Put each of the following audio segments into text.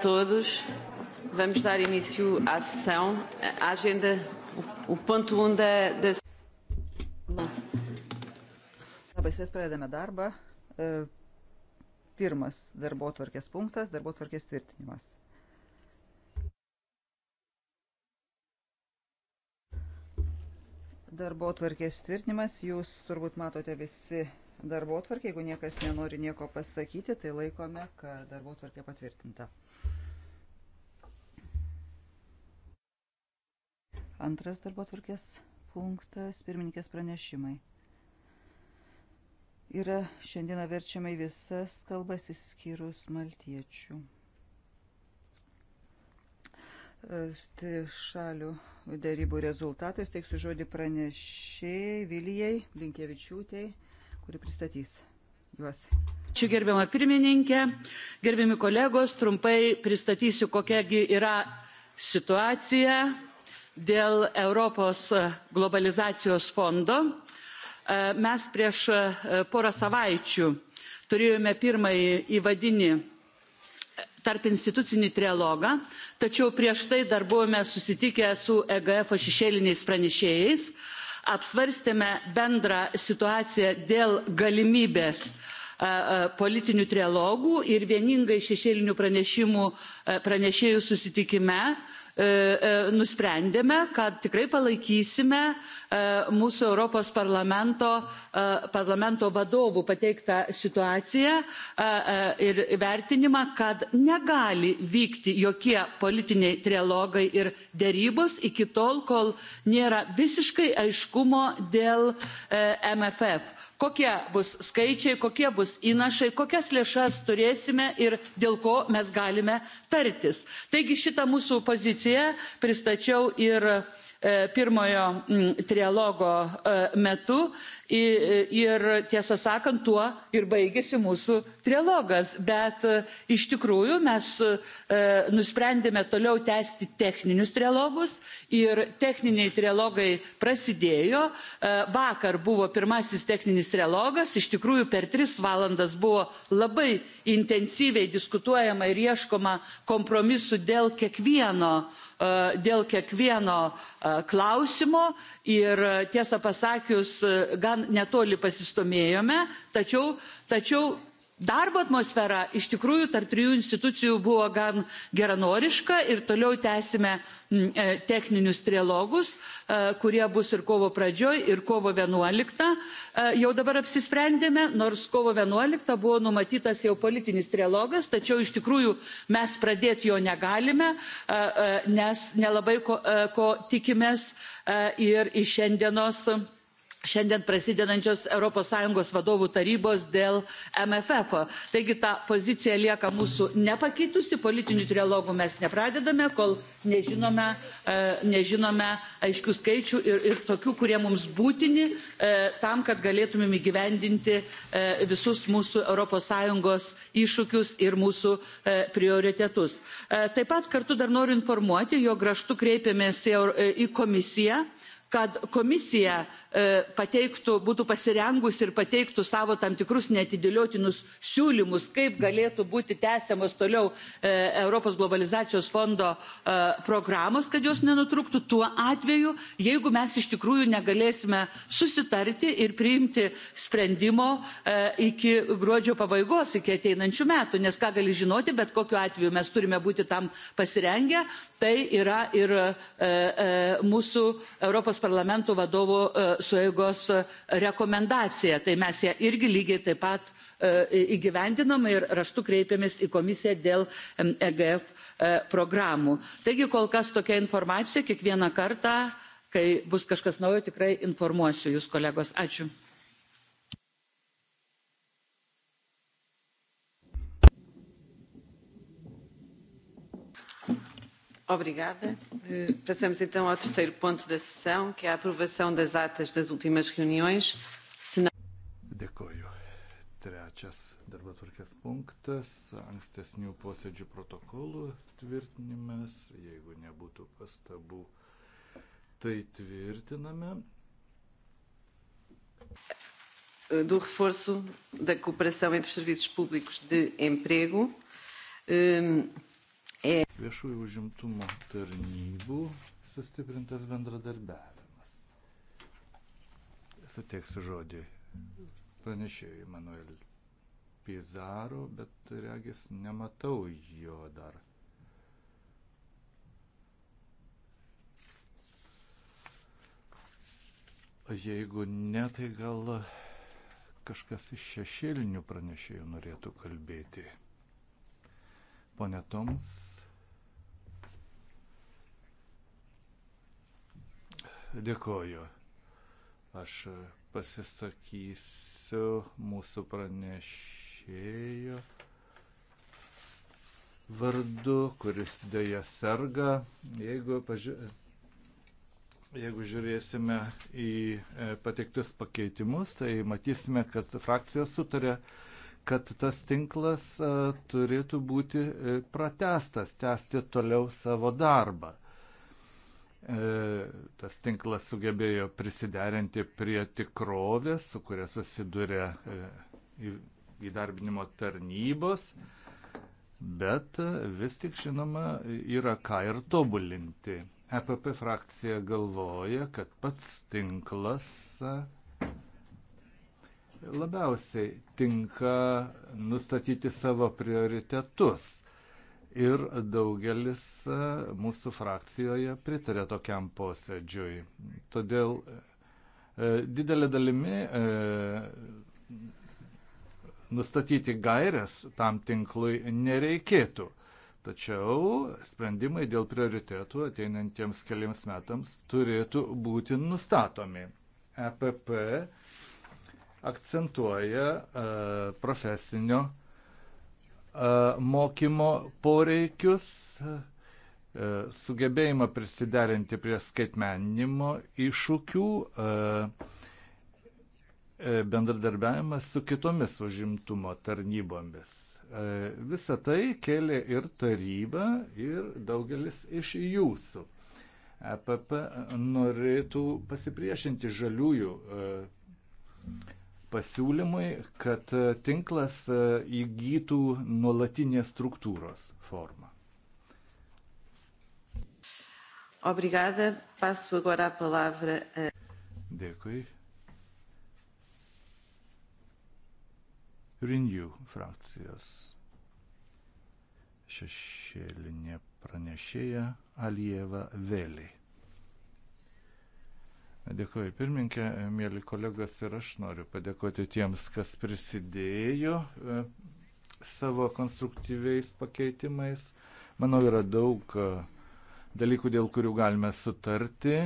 todos. Vamos dar início à sessão. A agenda, o ponto 1 um da, da. Labai, mes pradedame darbą. E, pirmas darbo tvarkės punktas - darbo tvarkės tvirtinimas. Darbo tvarkės tvirtinimas, jūs turbūt matote visi darbo tvarkę. Jeigu niekas nenori nieko pasakyti, tai laikome, kad darbo tvarkė patvirtinta. Antras darbo tvarkės punktas - pirmininkės pranešimai. Yra šiandieną verčiama į visas kalbas įskyrus maltiečių e, šalių darybų rezultatus. Teiksiu žodį pranešėjai Vilijai Blinkievičiūtėjai kuri pristatys juos. Ačiū gerbiamą pirmininkę, gerbiami kolegos, trumpai pristatysiu, kokiagi yra situacija dėl Europos globalizacijos fondo. E, mes prieš e, porą savaičių turėjome pirmąjį įvadinį e, tarp institucinį trialogą, tačiau prieš tai dar buvome susitikę su EGF šešėliniais pranešėjais apsvarstėme bendrą situaciją dėl galimybės politinių trialogų ir vieningai šešėlinių pranešimų pranešėjų susitikime E, e, nusprendėme kad tikrai palaikysime e, mūsų europos parlamento, parlamento vadovų pateiktą situaciją ir vertinimą kad negali vykti jokie politiniai trialogai ir derybos iki tol kol nėra visiškai aiškumo dėl mff kokie bus skaičiai, kokie bus įnašai, kokias lėšas turėsime ir dėl ko mes galime tartis. Taigi šitą mūsų poziciją pristačiau ir E, pirmojo trialogo e, metu e, ir tiesą sakant tuo ir baigėsi mūsų trialogas bet iš tikrųjų mes nusprendėme toliau tęsti techninius trialogus ir techniniai trialogai prasidėjo vakar buvo pirmasis techninis trialogas iš tikrųjų per tris valandas buvo labai intensyviai diskutuojama ir ieškoma kompromisų dėl kiekvieno dėl kiekvieno klausimo ir tiesą pasakius gan netoli pasistumėjome tačiau tačiau darbo atmosfera iš tikrųjų tarp trijų institucijų buvo gan geranoriška ir toliau tęsime e, techninius trilogus, e, kurie bus ir kovo pradžioj, ir kovo 11. E, jau dabar apsisprendėme, nors kovo 11 buvo numatytas jau politinis trilogas, tačiau iš tikrųjų mes pradėti jo negalime, nes nelabai ko, ko tikimės ir iš šiandienos šiandien prasidedančios europos sąjungos vadovų tarybos dėl mff taigi ta pozicija lieka mūsų nepakeitusi politinių trialogų mes nepradedame kol nežinome e, nežinome aiškių skaičių ir ir tokių kurie mums būtini e, tam kad galėtumėm įgyvendinti e, visus mūsų europos sąjungos iššūkius ir mūsų prioritetus. taip pat kartu dar noriu informuoti jog raštu kreipėmės į komisiją kad komisija e, pateiktų būtų pasirengusi ir pateiktų savo tam tikrus neatidėliotinus siūlymus kaip galėtų būti tęsiamos toliau e, europos globalizacijos fondo e, programos kad jos nenutrūktų tuo atveju jeigu mes iš tikrųjų negalėsime susitarti ir priimti sprendimo iki gruodžio pabaigos iki ateinančių metų nes ką gali žinoti bet kokiu atveju mes turime būti tam pasirengę tai yra ir mūsų europos europos parlamento vadovų e, sueigos e, rekomendaciją tai mes ją irgi lygiai taip pat e, įgyvendinam ir raštu kreipėmės į komisiją dėl egf programų. taigi kol kas tokia informacija kiekvieną kartą kai bus kažkas naujo tikrai informuosiu jus kolegos ačiū. Obrigada. Eh, passamos então ao terceiro ponto da sessão, que é a aprovação das atas das últimas reuniões. Se não... Dėkoju. Trečias darbotvarkės punktas - ankstesnių posėdžių protokolų tvirtinimas. Jeigu nebūtų pastabų, tai tvirtiname. Eh, do reforço da cooperação entre os serviços públicos de emprego. Um, viešųjų užimtumo tarnybų sustiprintas bendradarbiavimas. Suteiksiu žodį pranešėjui Manuel Pizarro, bet regis nematau jo dar. Jeigu ne, tai gal kažkas iš šešėlinių pranešėjų norėtų kalbėti. Pone Toms, Dėkoju. Aš e, pasisakysiu mūsų pranešėjo vardu, kuris dėja serga. Jeigu, paži... Jeigu žiūrėsime į e, pateiktus pakeitimus, tai matysime, kad frakcijos sutarė, kad tas tinklas e, turėtų būti pratestas, tęsti toliau savo darbą. E, tas tinklas sugebėjo prisiderinti prie tikrovės, su kuria susiduria e, įdarbinimo tarnybos, bet e, vis tik žinoma yra ką ir tobulinti. EPP frakcija galvoja, kad pats tinklas labiausiai tinka nustatyti savo prioritetus ir daugelis e, mūsų frakcijoje pritarė tokiam posėdžiui. Todėl e, didelė dalimi e, nustatyti gairias tam tinklui nereikėtų. Tačiau sprendimai dėl prioritėtų ateinantiems keliams metams turėtų būti nustatomi. EPP akcentuoja profesinio mokymo poreikius, sugebėjimą prisiderinti prie skaitmeninimo iššūkių, bendradarbiavimas su kitomis užimtumo tarnybomis. Visą tai kėlė ir taryba, ir daugelis iš jūsų. EPP norėtų pasipriešinti žaliųjų pasiūlymui, kad e, tinklas e, įgytų nuolatinės struktūros formą. Obrigada. Passo agora a palavra a. Dėkui. Renew frakcijos šešėlinė pranešėja Alieva Vėliai. Dėkuoju pirmininkė, mėly kolegos ir aš noriu padėkoti tiems, kas prisidėjo e, savo konstruktyviais pakeitimais. Manau, yra daug e, dalykų, dėl kurių galime sutarti.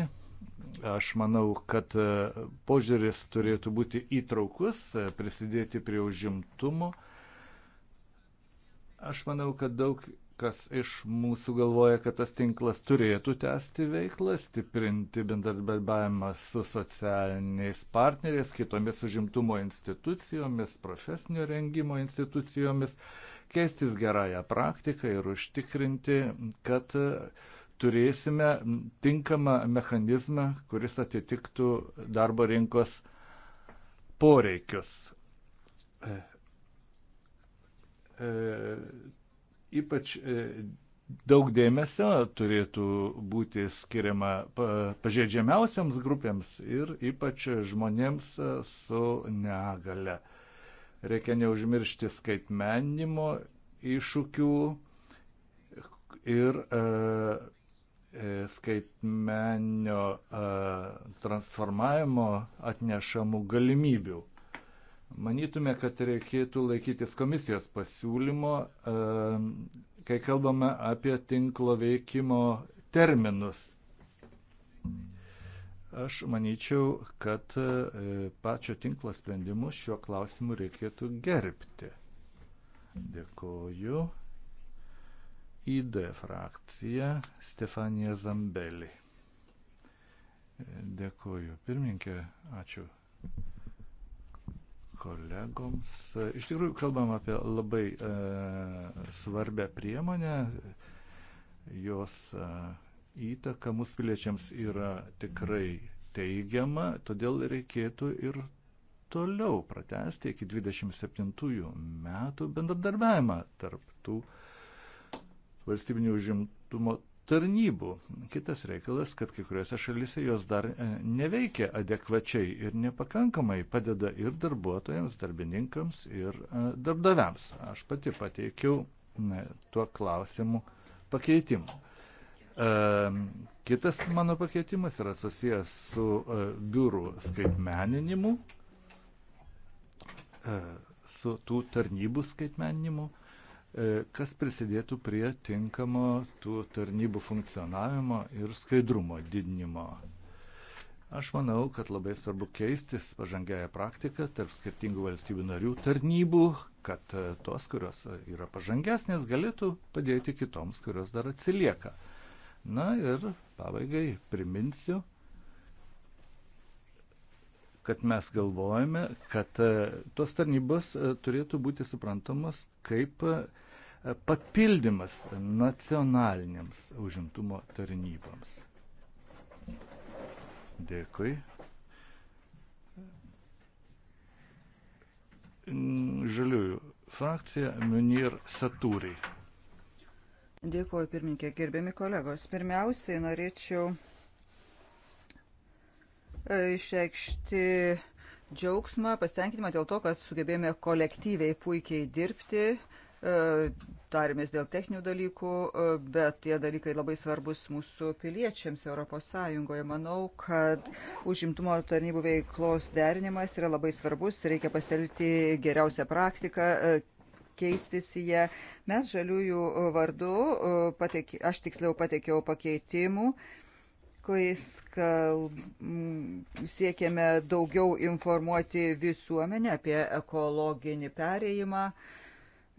Aš manau, kad e, požiūris turėtų būti įtraukus, prisidėti prie užimtumo. Aš manau, kad daug kas iš mūsų galvoja, kad tas tinklas turėtų tęsti veiklą, stiprinti bendradarbiavimą su socialiniais partneriais, kitomis užimtumo institucijomis, profesinio rengimo institucijomis, keistis gerąją praktiką ir užtikrinti, kad turėsime tinkamą mechanizmą, kuris atitiktų darbo rinkos poreikius. E, e, Ypač e, daug dėmesio turėtų būti skiriama pažeidžiamiausiams grupėms ir ypač žmonėms e, su negale. Reikia neužmiršti skaitmenimo iššūkių ir e, e skaitmenio e, transformavimo atnešamų galimybių. Manytume, kad reikėtų laikytis komisijos pasiūlymo, e, kai kalbame apie tinklo veikimo terminus. Aš manyčiau, kad e, pačio tinklo sprendimus šiuo klausimu reikėtų gerbti. Dėkoju. ID frakcija Stefanija Zambelį. Dėkoju. Pirminkė, ačiū kolegoms. Iš tikrųjų, kalbam apie labai e, svarbę priemonę. Jos e, įtaka mūsų piliečiams yra tikrai teigiama, todėl reikėtų ir toliau pratesti iki 27 metų bendradarbiavimą tarp tų valstybinių užimtumo tarnybų. Kitas reikalas, kad kai kuriuose šalise jos dar e, neveikia adekvačiai ir nepakankamai padeda ir darbuotojams, darbininkams, ir e, darbdaviams. Aš pati pateikiau e, tuo klausimu pakeitimu. Kitas mano pakeitimas yra susijęs su biurų skaitmeninimu, su tų tarnybų skaitmeninimu E, kas prisidėtų prie tinkamo tų tarnybų funkcionavimo ir skaidrumo didinimo. Aš manau, kad labai svarbu keistis pažangiają praktiką tarp skirtingų valstybių narių tarnybų, kad e, tos, kurios yra pažangesnės, galėtų padėti kitoms, kurios dar atsilieka. Na ir pabaigai priminsiu, kad mes galvojame, kad e, tos tarnybos turėtų būti suprantamos kaip papildymas nacionalinėms užimtumo tarnyboms. Dėkui. Žaliųjų frakcija Munir Satūrai. Dėkuoju, pirmininkė, gerbiami kolegos. Pirmiausiai norėčiau e, išreikšti džiaugsmą, pasitenkinimą dėl to, kad sugebėjome kolektyviai puikiai dirbti. E, tarėmės dėl techninių dalykų, e, bet tie dalykai labai svarbus mūsų piliečiams ES. Manau, kad užimtumo tarnybų veiklos derinimas yra labai svarbus, reikia pasitelkti geriausią praktiką e, keistis ją. Mes žaliųjų vardu, patek, aš tiksliau patekiau pakeitimų, kuriais siekėme daugiau informuoti visuomenę apie ekologinį perėjimą. Uh,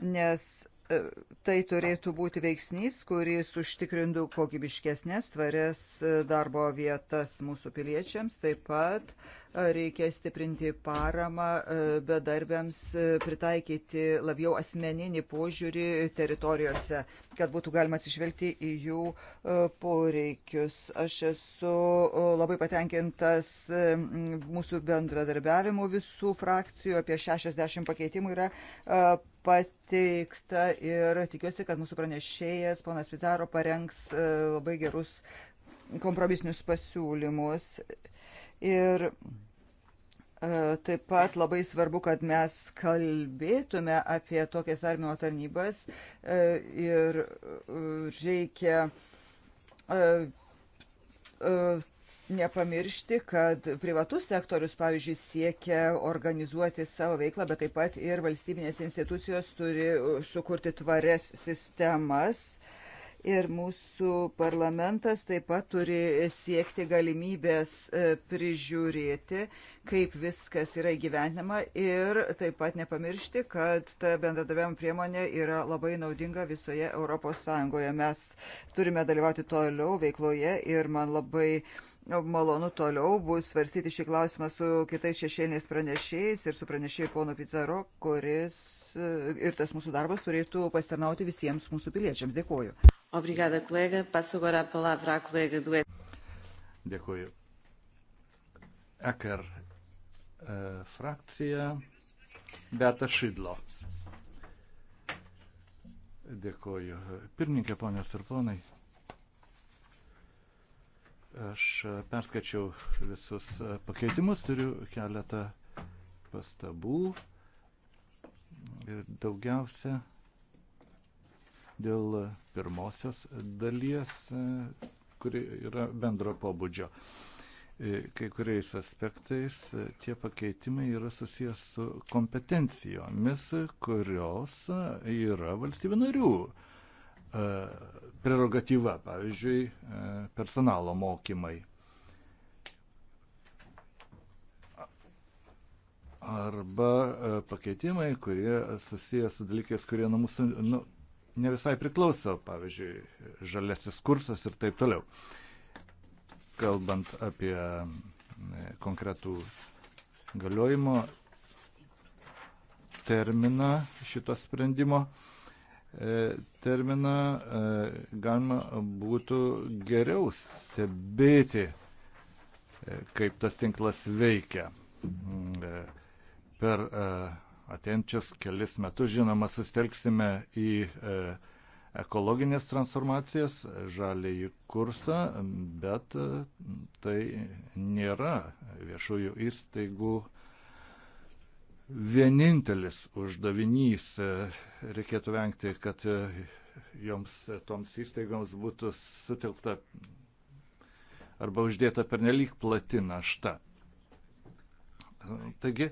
nes e, tai turėtų būti veiksnys, kuris užtikrintų kokybiškesnės, tvarias e, darbo vietas mūsų piliečiams, taip pat Reikia stiprinti paramą e, bedarbiams, e, pritaikyti labiau asmeninį požiūrį teritorijose, kad būtų galima atsižvelgti į jų e, poreikius. Aš esu labai patenkintas mūsų bendradarbiavimu visų frakcijų. Apie 60 pakeitimų yra pateikta ir tikiuosi, kad mūsų pranešėjas, ponas Pizaro, parengs labai gerus kompromisinius pasiūlymus. Ir e, taip pat labai svarbu, kad mes kalbėtume apie tokias armino tarnybas e, ir e, reikia nepamiršti, kad privatus sektorius, pavyzdžiui, siekia organizuoti savo veiklą, bet taip pat ir valstybinės institucijos turi sukurti tvarias sistemas ir mūsų parlamentas taip pat turi siekti galimybės e, prižiūrėti, kaip viskas yra įgyvendinama ir taip pat nepamiršti, kad ta bendradarbiavimo priemonė yra labai naudinga visoje ES. Mes turime dalyvauti toliau veikloje ir man labai nu, malonu toliau bus svarstyti šį klausimą su kitais šešėliniais pranešėjais ir su pranešėjai pono Pizarro, kuris e, ir tas mūsų darbas turėtų pasitarnauti visiems mūsų piliečiams. Dėkuoju. Obrigada, colega. Passo agora a palavra à colega do e Dėkuoju. Ekar eh, frakcija Beta Šidlo. Dėkuoju. Pirmininkė, ponės ir ponai. Aš eh, perskačiau visus eh, pakeitimus, turiu keletą pastabų ir daugiausia dėl pirmosios dalies, kuri yra bendro pobūdžio. E, kai kuriais aspektais e, tie pakeitimai yra susijęs su kompetencijomis, kurios yra valstybių narių e, prerogatyva, pavyzdžiui, personalo mokymai. arba pakeitimai, kurie susijęs su dalykais, kurie nuo mūsų nu, ne visai priklauso, pavyzdžiui, žalesis kursas ir taip toliau. Kalbant apie e, konkretų galiojimo terminą šito sprendimo, e, terminą e, galima būtų geriau stebėti, kaip tas tinklas veikia per Atenčias kelis metus, žinoma, sustelksime į e, ekologinės transformacijas, žalėjį kursą, bet e, tai nėra viešųjų įstaigų vienintelis uždavinys. E, reikėtų vengti, kad joms, toms įstaigoms būtų sutilkta arba uždėta pernelyg plati našta. Taigi,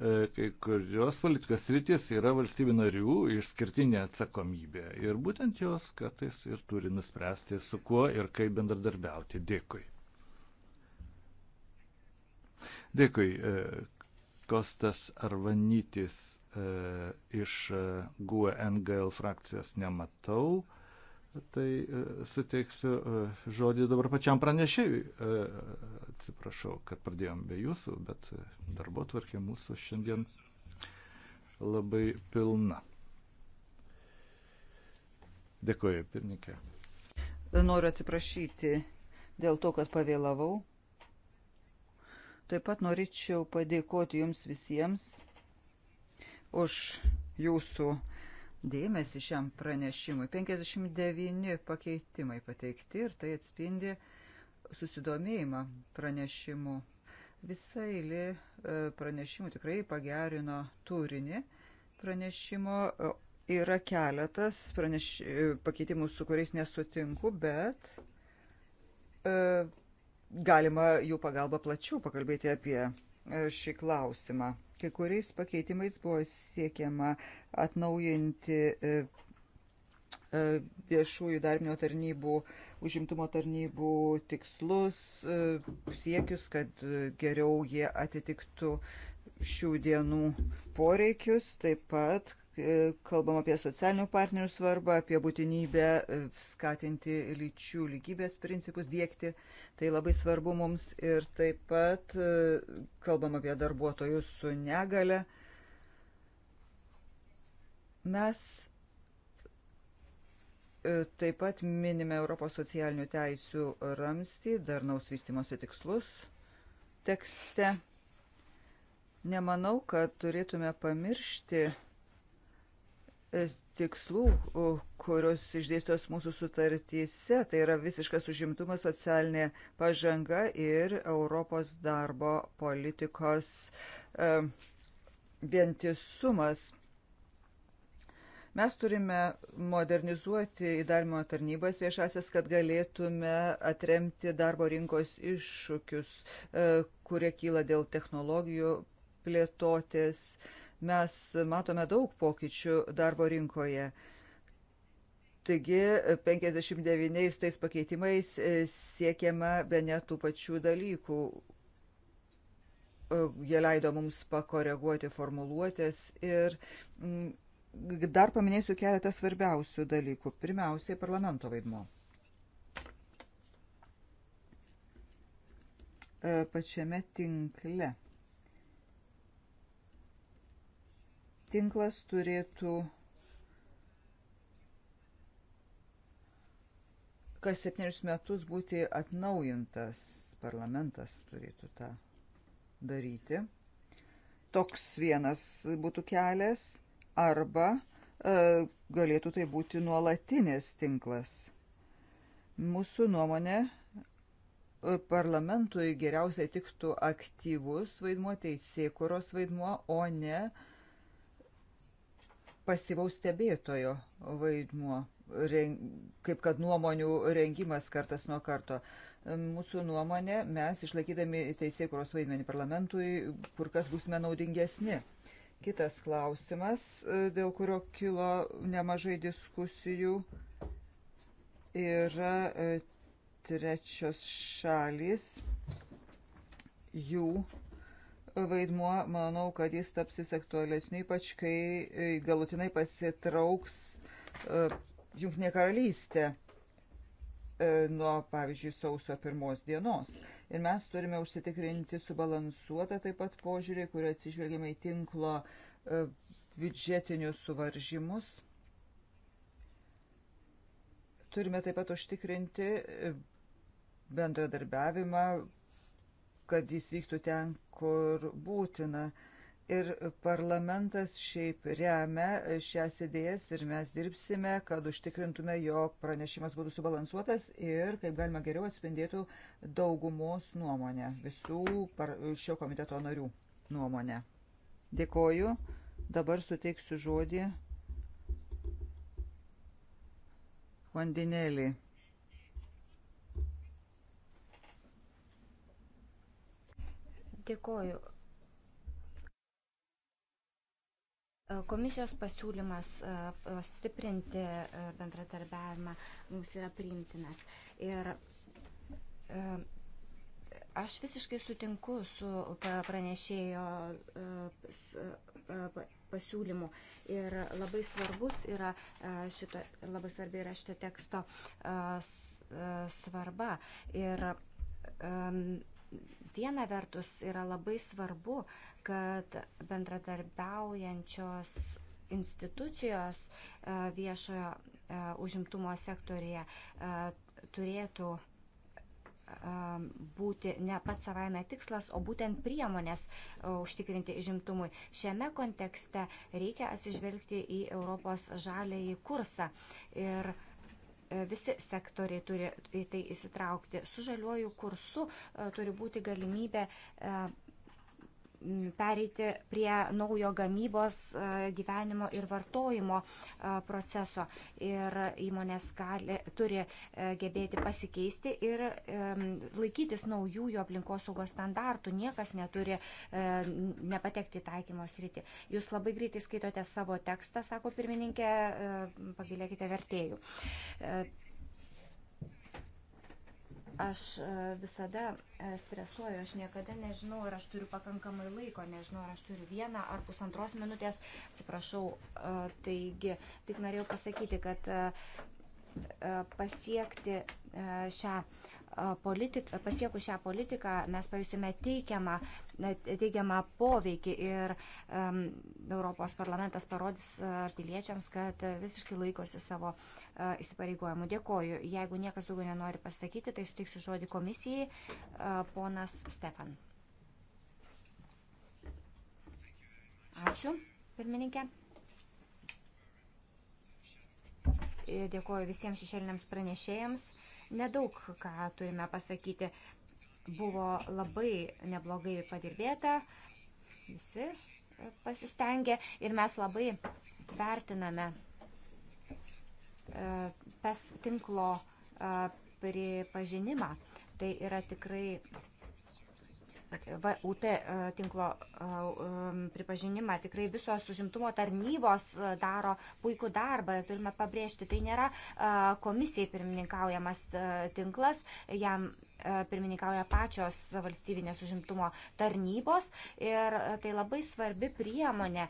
E, kai kurios politikos rytis yra valstybių narių išskirtinė atsakomybė. Ir būtent jos kartais ir turi nuspręsti, su kuo ir kaip bendradarbiauti. Dėkui. Dėkui. E, Kostas Arvanytis e, iš GUE NGL frakcijos nematau. Tai e, suteiksiu e, žodį dabar pačiam pranešėjui. E, atsiprašau, kad pradėjom be jūsų, bet darbo tvarkė mūsų šiandien labai pilna. Dėkuoju, pirmininkė. Noriu atsiprašyti dėl to, kad pavėlavau. Taip pat norėčiau padėkoti jums visiems už jūsų dėmesį šiam pranešimui. 59 pakeitimai pateikti ir tai atspindi susidomėjimą pranešimu. Visa eilė e, pranešimų tikrai pagerino turinį pranešimo. E, yra keletas praneš... E, pakeitimų, su kuriais nesutinku, bet galima jų pagalba plačiau pakalbėti apie šį klausimą. Kai kuriais pakeitimais buvo siekiama atnaujinti e, e, viešųjų darbinio tarnybų, užimtumo tarnybų tikslus, e, siekius, kad geriau jie atitiktų šių dienų poreikius, taip pat, E, kalbam apie socialinių partnerių svarbą, apie būtinybę e, skatinti lyčių lygybės principus dėkti. Tai labai svarbu mums ir taip pat e, kalbam apie darbuotojus su negale. Mes taip pat minime Europos socialinių teisių ramstį, darnaus vystimosi tikslus tekste. Nemanau, kad turėtume pamiršti tikslų, kurios išdėstos mūsų sutartyse. Tai yra visiškas užimtumas, socialinė pažanga ir Europos darbo politikos e, vientisumas. Mes turime modernizuoti įdarimo tarnybas viešasias, kad galėtume atremti darbo rinkos iššūkius, e, kurie kyla dėl technologijų plėtotės. E, Mes matome daug pokyčių darbo rinkoje. Taigi 59 tais pakeitimais e, siekiama be netų pačių dalykų. E, jie leido mums pakoreguoti formuluotės ir mm, dar paminėsiu keletą svarbiausių dalykų. Pirmiausiai parlamento vaidmo. E, pačiame tinkle. tinklas turėtų kas septynerius metus būti atnaujintas. Parlamentas turėtų tą daryti. Toks vienas būtų kelias. Arba e, galėtų tai būti nuolatinės tinklas. Mūsų nuomonė e, parlamentui geriausiai tiktų aktyvus vaidmuo, teisėkuros vaidmuo, o ne e, pasyvaus stebėtojo vaidmuo, kaip kad nuomonių rengimas kartas nuo karto. Mūsų nuomonė, mes išlaikydami teisėjų kuros vaidmenį parlamentui, kur kas būsime naudingesni. Kitas klausimas, dėl kurio kilo nemažai diskusijų, yra e, trečios šalis, jų vaidmuo, manau, kad jis taps vis aktualesniu, ypač kai e, galutinai pasitrauks e, Junktinė karalystė e, nuo, pavyzdžiui, sausio pirmos dienos. Ir mes turime užsitikrinti subalansuotą taip pat požiūrį, kurio atsižvelgiame į tinklo biudžetinius suvaržymus. Turime taip pat užtikrinti bendradarbiavimą kad jis vyktų ten, kur būtina. Ir parlamentas šiaip remia šias idėjas ir mes dirbsime, kad užtikrintume, jog pranešimas būtų subalansuotas ir kaip galima geriau atspindėtų daugumos nuomonę, visų šio komiteto narių nuomonę. Dėkoju. Dabar suteiksiu žodį Vandinėlį. Dėkoju. E, komisijos pasiūlymas e, stiprinti e, bendradarbiavimą mums yra priimtinas. Ir aš visiškai sutinku su pranešėjo pasiūlymų. Ir labai svarbus yra šito, labai svarbi yra šito teksto svarba. Ir Viena vertus yra labai svarbu, kad bendradarbiaujančios institucijos e, viešojo e, užimtumo sektorija e, turėtų būti ne pats savaime tikslas, o būtent priemonės užtikrinti žimtumui. Šiame kontekste reikia atsižvelgti į Europos žalėjį kursą. Ir uh, visi sektoriai turi į tai įsitraukti. Su žaliuoju kursu e, turi būti galimybė e, pereiti prie naujo gamybos e, gyvenimo ir vartojimo e, proceso. Ir įmonės gali, turi e, gebėti pasikeisti ir laikytis naujųjų aplinkosaugos standartų. Niekas neturi nepatekti į taikymo sritį. Jūs labai greitai skaitote savo tekstą, sako pirmininkė, pagilėkite vertėjų. Aš e, visada e, stresuoju, aš niekada nežinau, ar aš turiu pakankamai laiko, nežinau, ar aš turiu vieną ar pusantros minutės. Atsiprašau, e, taigi tik norėjau pasakyti, kad pasiekti šią politik, pasiekus šią politiką mes pajusime teigiamą, teigiamą poveikį ir um, Europos parlamentas parodys uh, piliečiams, kad uh, visiškai laikosi savo uh, įsipareigojimų. Dėkoju. Jeigu niekas daugiau nenori pasakyti, tai suteiksiu žodį komisijai. Uh, ponas Stefan. Ačiū, pirmininkė. Ir dėkoju visiems šešėliniams pranešėjams. Uh, Nedaug ką turime pasakyti. Buvo labai neblogai padirbėta, visi pasistengė ir mes labai vertiname e, PES tinklo e, pripažinimą. Tai yra tikrai VUT e, tinklo e, e, pripažinimą. Tikrai visos užimtumo tarnybos daro puikų darbą ir turime pabrėžti, tai nėra komisijai pirmininkaujamas tinklas, jam pirmininkauja pačios valstybinės užimtumo tarnybos ir tai labai svarbi priemonė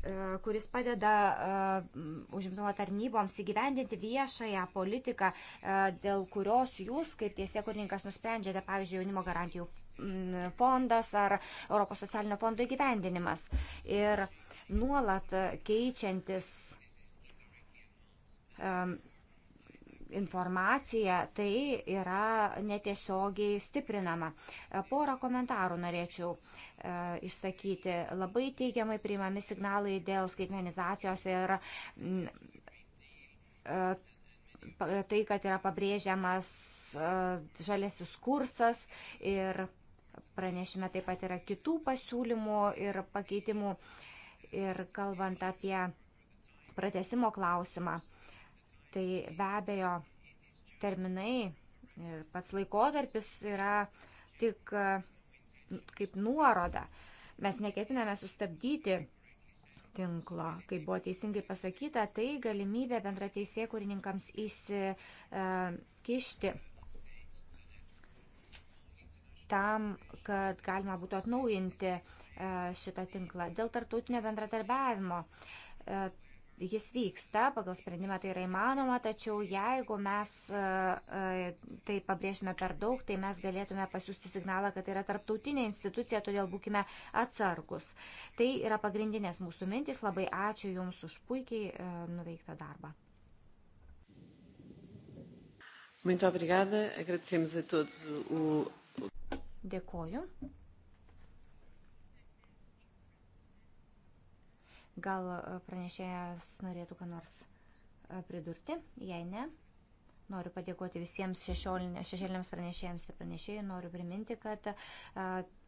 E, kuris padeda e, užimtumo tarnyboms įgyvendinti viešąją politiką, e, dėl kurios jūs, kaip tiesiekurinkas, nusprendžiate, pavyzdžiui, jaunimo garantijų fondas ar Europos socialinio fondo įgyvendinimas. Ir nuolat keičiantis informacija, tai yra netiesiogiai stiprinama. Porą komentarų norėčiau E, išsakyti. Labai teigiamai priimami signalai dėl skaitmenizacijos ir e, tai, kad yra pabrėžiamas e, žalėsis kursas ir pranešime taip pat yra kitų pasiūlymų ir pakeitimų. Ir kalbant apie pratesimo klausimą, tai be abejo terminai ir pats laikotarpis yra tik kaip nuorodą. Mes neketiname sustabdyti tinklo. Kaip buvo teisingai pasakyta, tai galimybė bendrateisė kūrininkams įsikišti tam, kad galima būtų atnaujinti e, šitą tinklą dėl tarptautinio bendradarbiavimo e, jis vyksta, pagal sprendimą tai yra įmanoma, tačiau jeigu mes e, e, tai pabrėžime per daug, tai mes galėtume pasiūsti signalą, kad tai yra tarptautinė institucija, todėl būkime atsargus. Tai yra pagrindinės mūsų mintis. Labai ačiū Jums už puikiai e, nuveiktą darbą. Muito obrigada, agradecemos a todos o. Dėkoju. Gal e, pranešėjas norėtų ką nors e, pridurti, jei ne. Noriu padėkoti visiems šešėliniams pranešėjams ir pranešėjai. Noriu priminti, kad e,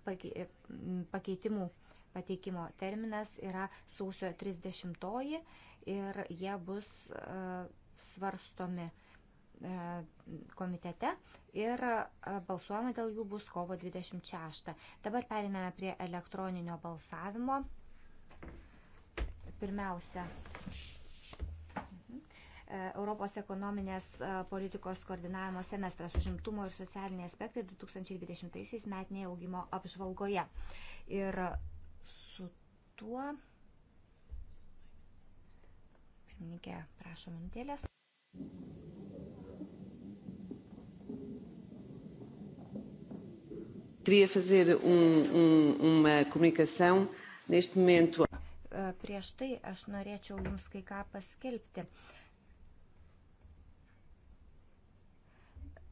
pakeitimų pateikimo terminas yra sausio 30 ir jie bus svarstomi komitete ir balsuojama dėl jų bus kovo 26. Dabar periname prie elektroninio balsavimo. Pirmiausia, mhm, e, Europos ekonominės e, politikos koordinavimo semestras užimtumo ir socialiniai aspektai 2020 metinėje augimo apžvalgoje. Ir su tuo. Pirmininkė, prašom minutėlės. Queria fazer um, um, uma comunicação neste momento prieš tai aš norėčiau Jums kai ką paskelbti.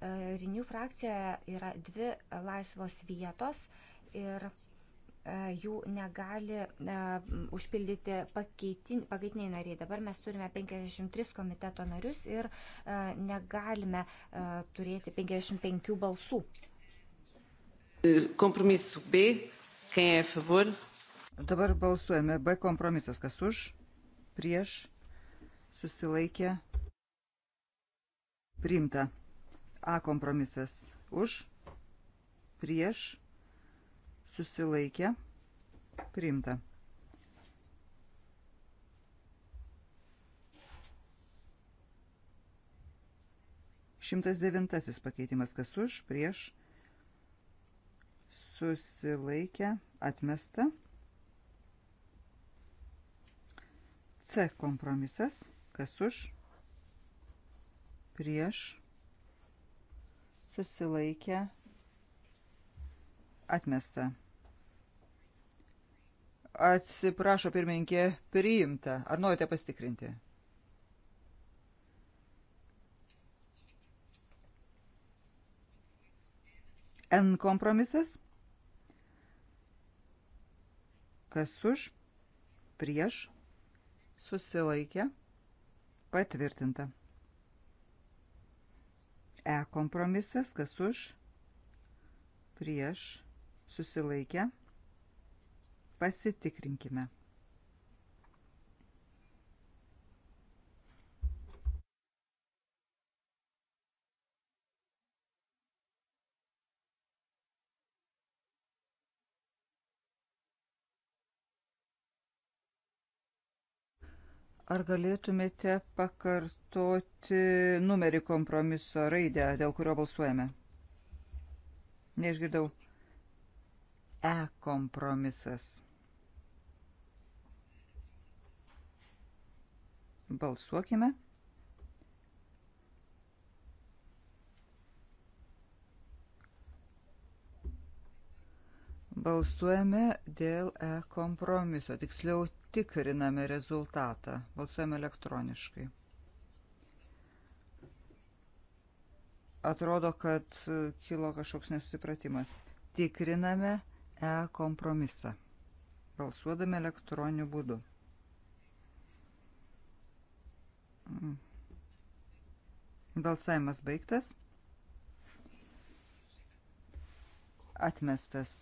E, Rinių frakcijoje yra dvi laisvos vietos ir e, jų negali e, užpildyti pakaitiniai nariai. Dabar mes turime 53 komiteto narius ir negalime turėti 55 balsų. Kompromisu B, kai favor, Dabar balsuojame B kompromisas. Kas už? Prieš? Susilaikė? Priimta. A kompromisas. Už? Prieš? Susilaikė? Priimta. Šimtas devintasis pakeitimas. Kas už? Prieš? Susilaikė? Atmesta. Atmesta. C kompromisas, kas už, prieš, susilaikę, atmesta. Atsiprašo pirmininkė, priimta. Ar norite pastikrinti? N kompromisas. Kas už? Prieš susilaikė, patvirtinta. E kompromisas, kas už, prieš, susilaikę, pasitikrinkime. Ar galėtumėte pakartoti numerį kompromiso raidę, dėl kurio balsuojame? Neišgirdau. E kompromisas. Balsuokime. Balsuojame dėl e kompromiso, tiksliau tikriname rezultatą, balsuojame elektroniškai. Atrodo, kad kilo kažkoks nesusipratimas. Tikriname E kompromisą, balsuodami elektroniniu būdu. Mm. Balsavimas baigtas. Atmestas.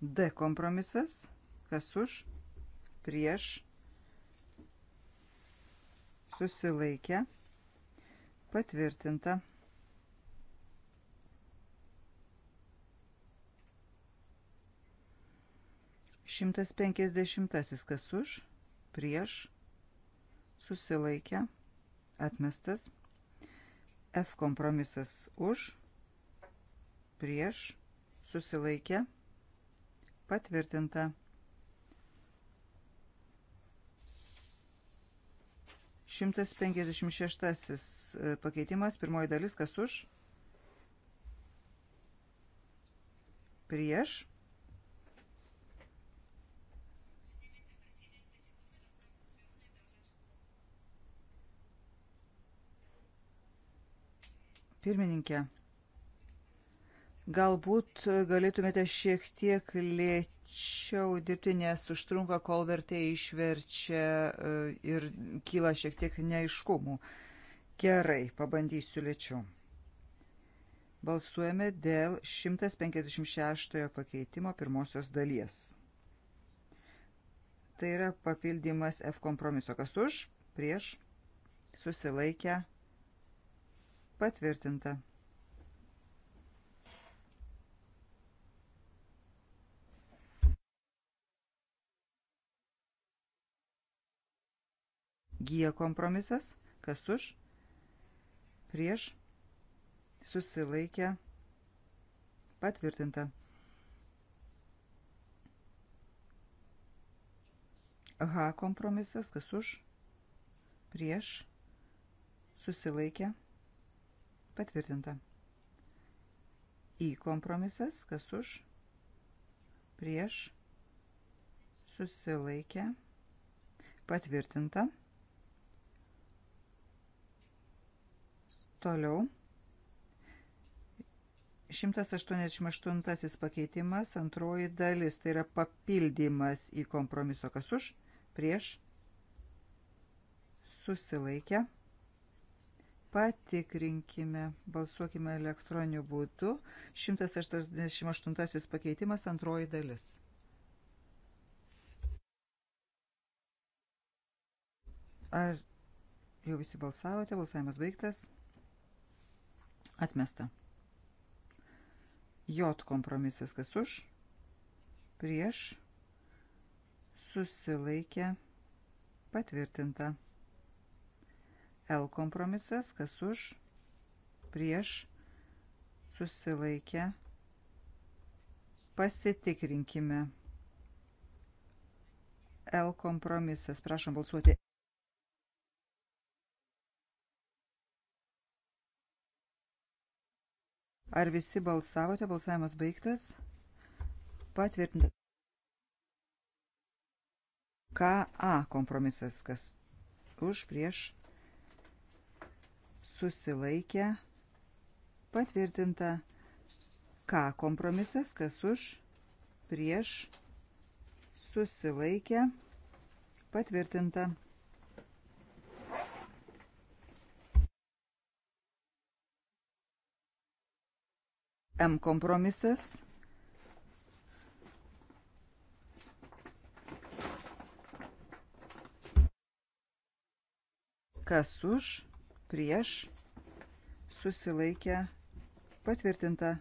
D kompromisas. Kas už? prieš susilaikę patvirtinta. Šimtas penkisdešimtasis kas už, prieš, susilaikę, atmestas. F kompromisas už, prieš, susilaikę, patvirtinta. 156 e, pakeitimas, pirmoji dalis, kas už, prieš. Pirmininkė, galbūt e, galėtumėte šiek tiek lėti Tačiau dirbtinės užtrunka, kol vertėjai išverčia e, ir kyla šiek tiek neaiškumų. Gerai, pabandysiu lėčiau. Balsuojame dėl 156 pakeitimo pirmosios dalies. Tai yra papildymas F kompromiso. Kas už, prieš, susilaikę, patvirtinta. G kompromisas, kas už, prieš, susilaikę, patvirtinta. H kompromisas, kas už, prieš, susilaikę, patvirtinta. I kompromisas, kas už, prieš, susilaikę, patvirtinta. Toliau. 188 pakeitimas, antroji dalis, tai yra papildymas į kompromiso, kas už, prieš, susilaikę. Patikrinkime, balsuokime elektroniniu būdu. 188 pakeitimas, antroji dalis. Ar jau visi balsavote, balsavimas baigtas? Atmesta. J kompromisas kas už, prieš, susilaikė, patvirtinta. L kompromisas kas už, prieš, susilaikė, pasitikrinkime. L kompromisas, prašom balsuoti. Ar visi balsavote? Balsavimas baigtas. Patvirtinta. KA kompromisas, kas už prieš susilaikę patvirtinta. K kompromisas, kas už prieš susilaikę patvirtinta. M kompromisas. Kas už, prieš, susilaikę, patvirtinta.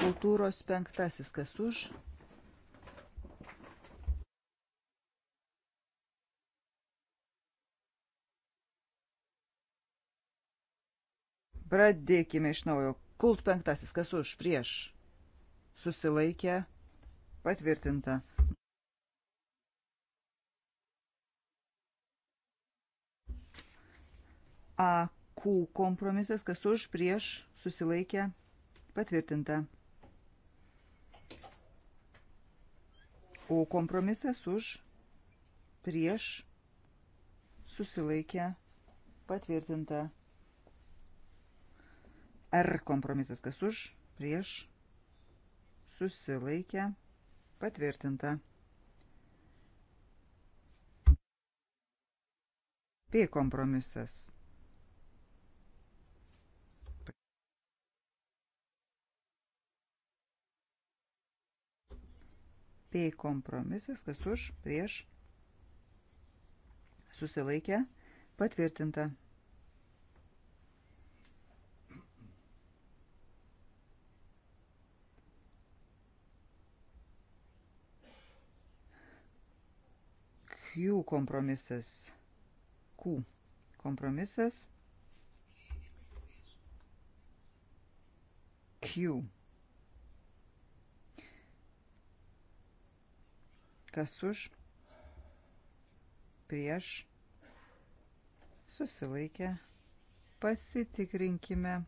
Kultūros penktasis kas už, prieš Pradėkime iš naujo. Kult penktasis, kas už, prieš, susilaikė, patvirtinta. AQ kompromisas, kas už, prieš, susilaikė, patvirtinta. O kompromisas už, prieš, susilaikė, patvirtinta. R kompromisas kas už, prieš, susilaikę, patvirtinta. P kompromisas. P kompromisas, kas už, prieš, susilaikę, patvirtinta. Q kompromisas. Q kompromisas. Q. Kas už? Prieš. Susilaikę. Pasitikrinkime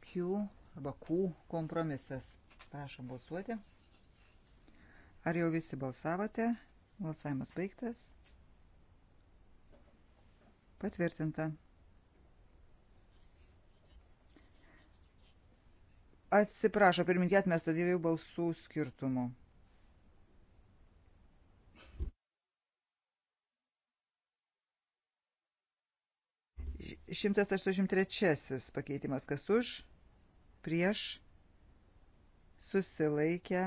Q arba Q kompromisas. Prašom balsuoti. Ar jau visi balsavote? Balsavimas baigtas. Patvirtinta. Atsiprašo, pirmininkė atmesta dviejų balsų skirtumų. Šimtas aštuoniasdešimt trečiasis pakeitimas, kas už, prieš, susilaikę,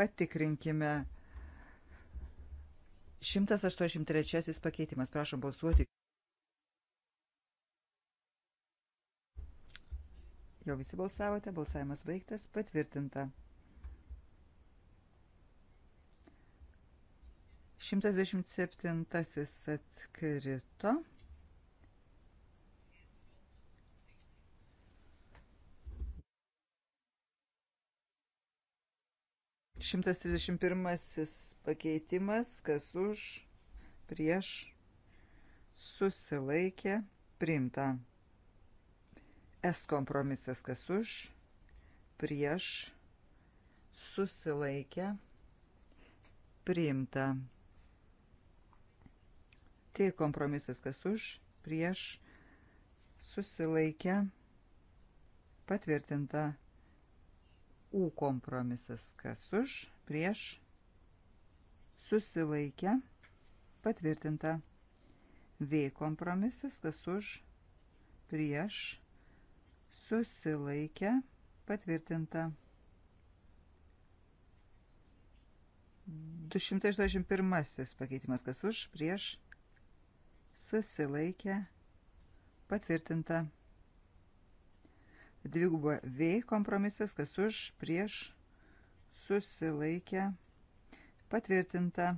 patikrinkime. 183 pakeitimas. Prašom balsuoti. Jau visi balsavote, balsavimas baigtas, patvirtinta. 127 atkrito. 131 pakeitimas, kas už, prieš, susilaikė, priimta. S kompromisas, kas už, prieš, susilaikė, priimta. T kompromisas, kas už, prieš, susilaikė, priimta patvirtinta. U kompromisas. Kas už, prieš, susilaikę, patvirtinta. V kompromisas. Kas už, prieš, susilaikę, patvirtinta. 281 pakeitimas. Kas už, prieš, susilaikę, patvirtinta dvigubą V kompromisas, kas už, prieš, susilaikę, patvirtinta.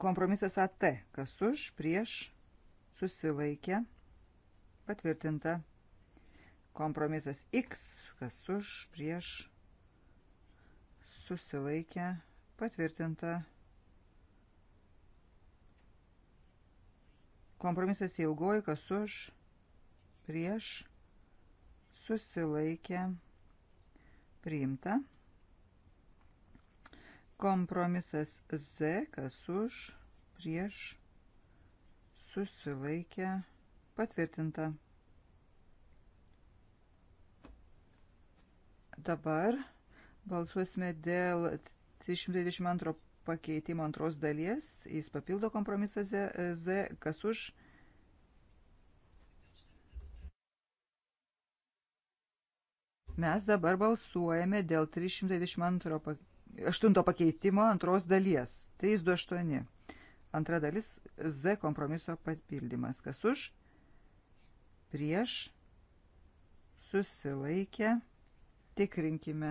Kompromisas AT, kas už, prieš, susilaikę, patvirtinta. Kompromisas X, kas už, prieš, susilaikę, patvirtinta. Kompromisas ilgoji, kas už, prieš susilaikė priimta. Kompromisas Z, kas už prieš susilaikė patvirtinta. Dabar balsuosime dėl 322 pakeitimo antros dalies. Jis papildo kompromisą Z, kas už Mes dabar balsuojame dėl 328 pakeitimo antros dalies. 328. Antra dalis Z kompromiso papildymas. Kas už? Prieš. Susilaikę. Tikrinkime.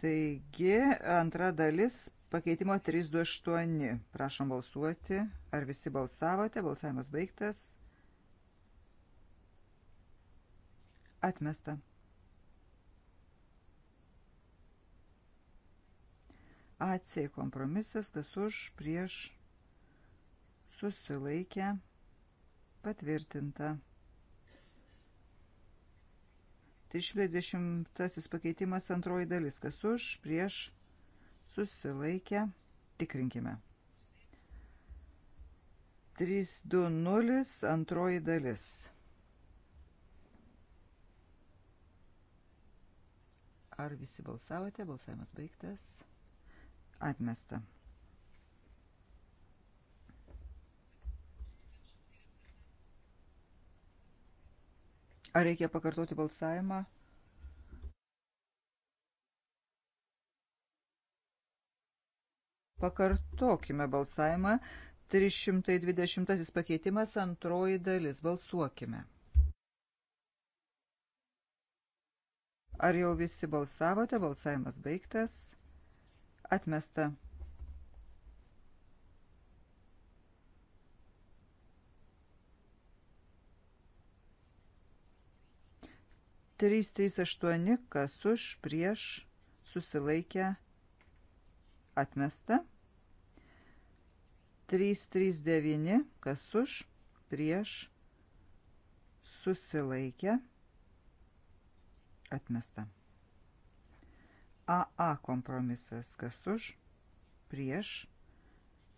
Taigi, antra dalis pakeitimo 328. Prašom balsuoti. Ar visi balsavote? Balsavimas baigtas. Atmesta. AC kompromisas, kas už, prieš, susilaikę, patvirtinta. 320 pakeitimas antroji dalis, kas už, prieš, susilaikę, tikrinkime. 320 antroji dalis. Ar visi balsavote? Balsavimas baigtas. Atmesta. Ar reikia pakartoti balsavimą? Pakartokime balsavimą. 320 pakeitimas antroji dalis. Balsuokime. Ar jau visi balsavote? Balsavimas baigtas. Atmesta. Trys, trys, aštuoni, kas už, prieš, susilaikę, atmesta. 339, kas už, prieš, susilaikę, atmesta Atmesta. AA kompromisas. Kas už? Prieš.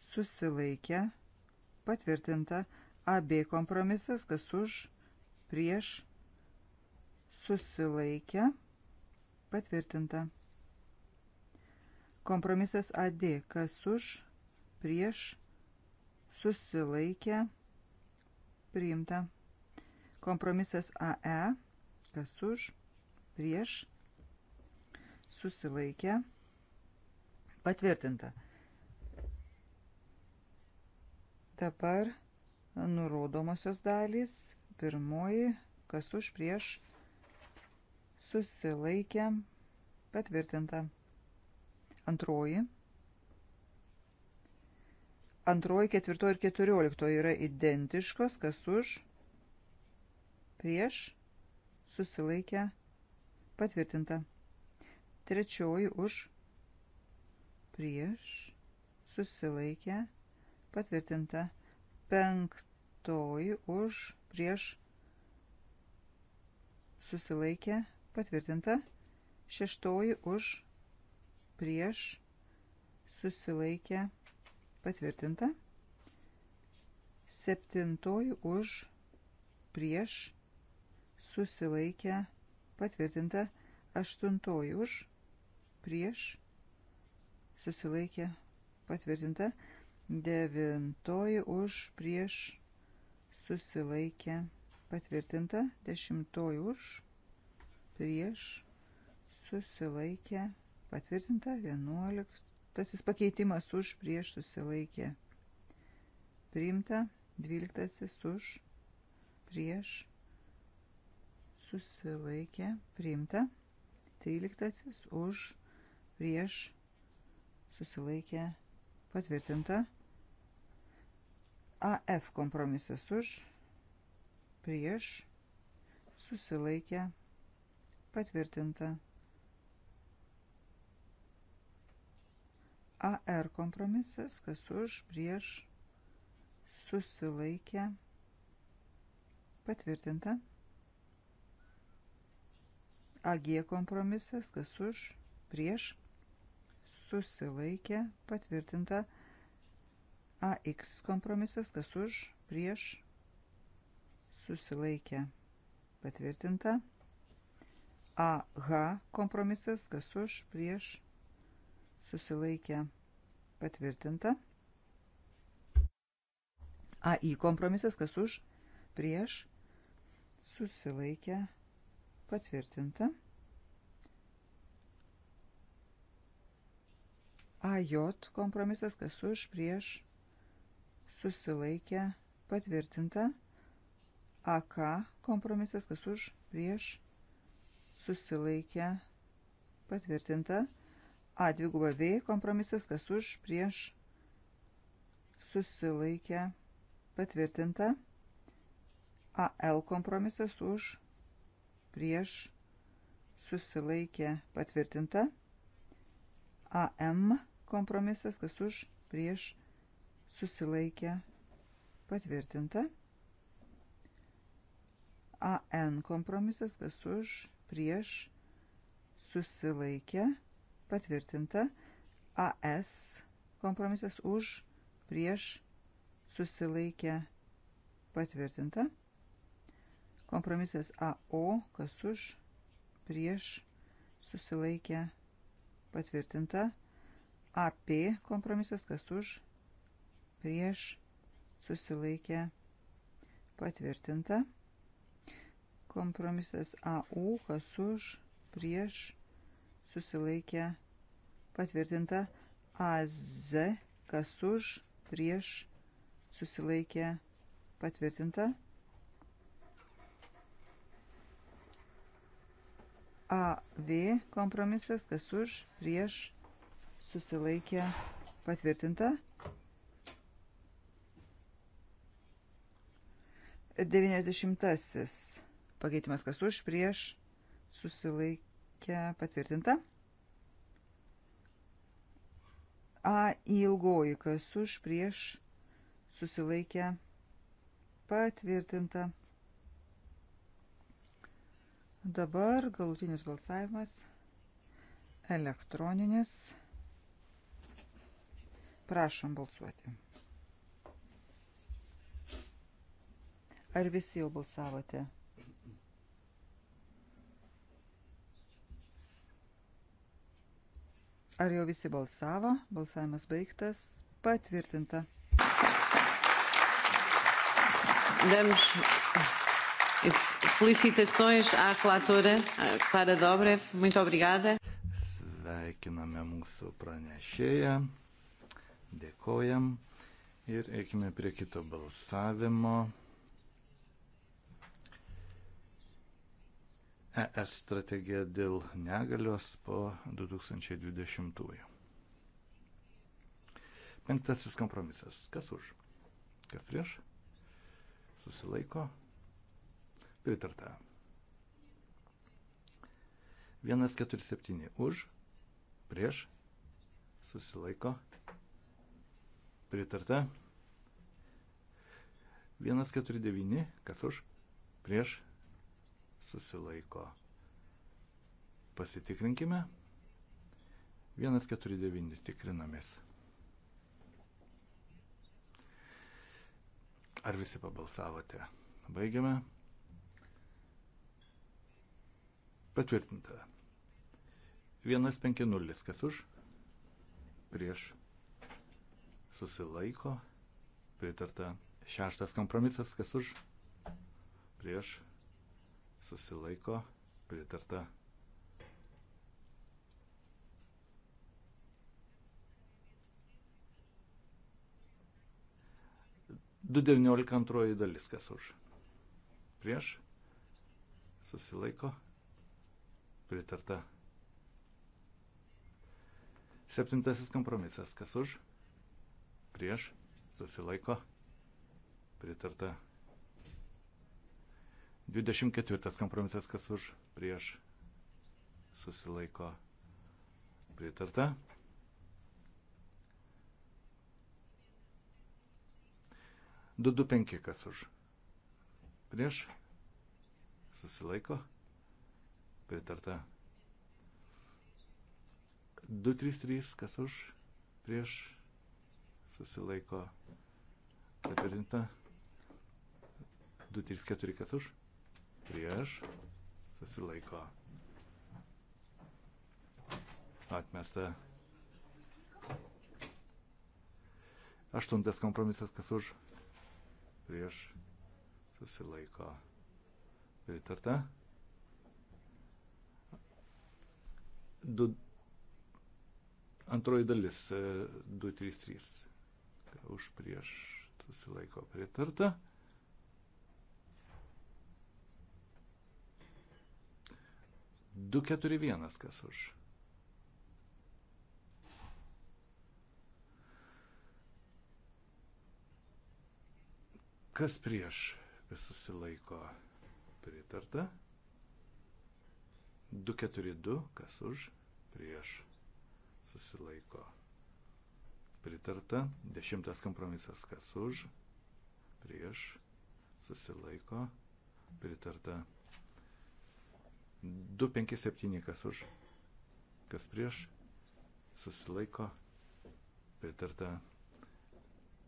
Susilaikę. Patvirtinta. AB kompromisas. Kas už? Prieš. Susilaikę. Patvirtinta. Kompromisas AD. Kas už? Prieš. Susilaikę. Priimta. Kompromisas AE. Kas už? prieš, susilaikę, patvirtinta. Dabar nurodomosios dalys, pirmoji, kas už prieš, susilaikę, patvirtinta. Antroji. Antroji, ketvirtoji ir keturioliktoji yra identiškos, kas už, prieš, susilaikę, Patvirtinta. Trečioji už prieš susilaikę patvirtinta. Penktoji už prieš susilaikę patvirtinta. Šeštoji už prieš susilaikę patvirtinta. Septintoji už prieš susilaikę patvirtinta patvirtinta. Aštuntoji už, prieš, susilaikė, patvirtinta. Devintoji už, prieš, susilaikė, patvirtinta. Dešimtoji už, prieš, susilaikė, patvirtinta. Vienuoliktasis pakeitimas už, prieš, susilaikė, priimta. Dvyliktasis už, prieš, susilaikė priimta. 13 už prieš susilaikė patvirtinta. AF kompromisas už prieš susilaikė patvirtinta. AR kompromisas, kas už prieš susilaikė patvirtinta. AG kompromisas, kas už, prieš, susilaikė, patvirtinta. AX kompromisas, kas už, prieš, susilaikė, patvirtinta. AH kompromisas, kas už, prieš, susilaikė, patvirtinta. AI kompromisas, kas už, prieš, susilaikė, patvirtinta Patvirtinta. AJ kompromisas, kas už, prieš, susilaikę, patvirtinta. AK kompromisas, kas už, prieš, susilaikę, patvirtinta. A dviguba V kompromisas, kas už, prieš, susilaikę, patvirtinta. AL kompromisas už, prieš susilaikė patvirtinta. AM kompromisas, kas už prieš susilaikė patvirtinta. AN kompromisas, kas už prieš susilaikė patvirtinta. AS kompromisas už prieš susilaikė patvirtinta. Kompromisas AO, kas už, prieš, susilaikę, patvirtinta. AP kompromisas, kas už, prieš, susilaikę, patvirtinta. Kompromisas AU, kas už, prieš, susilaikę, patvirtinta. AZ, kas už, prieš, susilaikę, patvirtinta. AV kompromisas, kas už, prieš, susilaikė, patvirtinta. 90 pakeitimas, kas už, prieš, susilaikė, patvirtinta. A ilgoji, kas už, prieš, susilaikė, patvirtinta. Dabar galutinis balsavimas elektroninis. Prašom balsuoti. Ar visi jau balsavote? Ar jau visi balsavo? Balsavimas baigtas. Patvirtinta. Demš... Felicitações à relatora Clara Dobrev. Muito obrigada. Sveikiname mūsų pranešėją. Dėkojam. Ir eikime prie kito balsavimo. ES strategija dėl negalios po 2020-ųjų. Penktasis kompromisas. Kas už? Kas prieš? Susilaiko? Pritarta. 147 už, prieš, susilaiko. Pritarta. 149, kas už, prieš, susilaiko. Pasitikrinkime. 149 tikrinamės. Ar visi pabalsavote? Baigiame. Patvirtinta. 150, kas už, prieš, susilaiko, pritarta. Šeštas kompromisas, kas už, prieš, susilaiko, pritarta. Du devyniolika antroji dalis, kas už, prieš, susilaiko, pritarta pritarta. Septintasis kompromisas. Kas už? Prieš. Susilaiko. Pritarta. 24 kompromisas. Kas už? Prieš. Susilaiko. Pritarta. Du du penki kas už. Prieš. Susilaiko pritarta. 233, kas už, prieš, susilaiko, patvirtinta. 234, kas už, prieš, susilaiko, atmesta. Aštuntas kompromisas, kas už, prieš, susilaiko, pritarta. Du, antroji dalis 233. E, tai už prieš susilaiko pritarta. Du keturi vienas kas už. Kas prieš susilaiko pritarta? 242, kas už, prieš susilaiko pritarta. Dešimtas kompromisas, kas už, prieš susilaiko pritarta. 257, kas už, kas prieš susilaiko pritarta.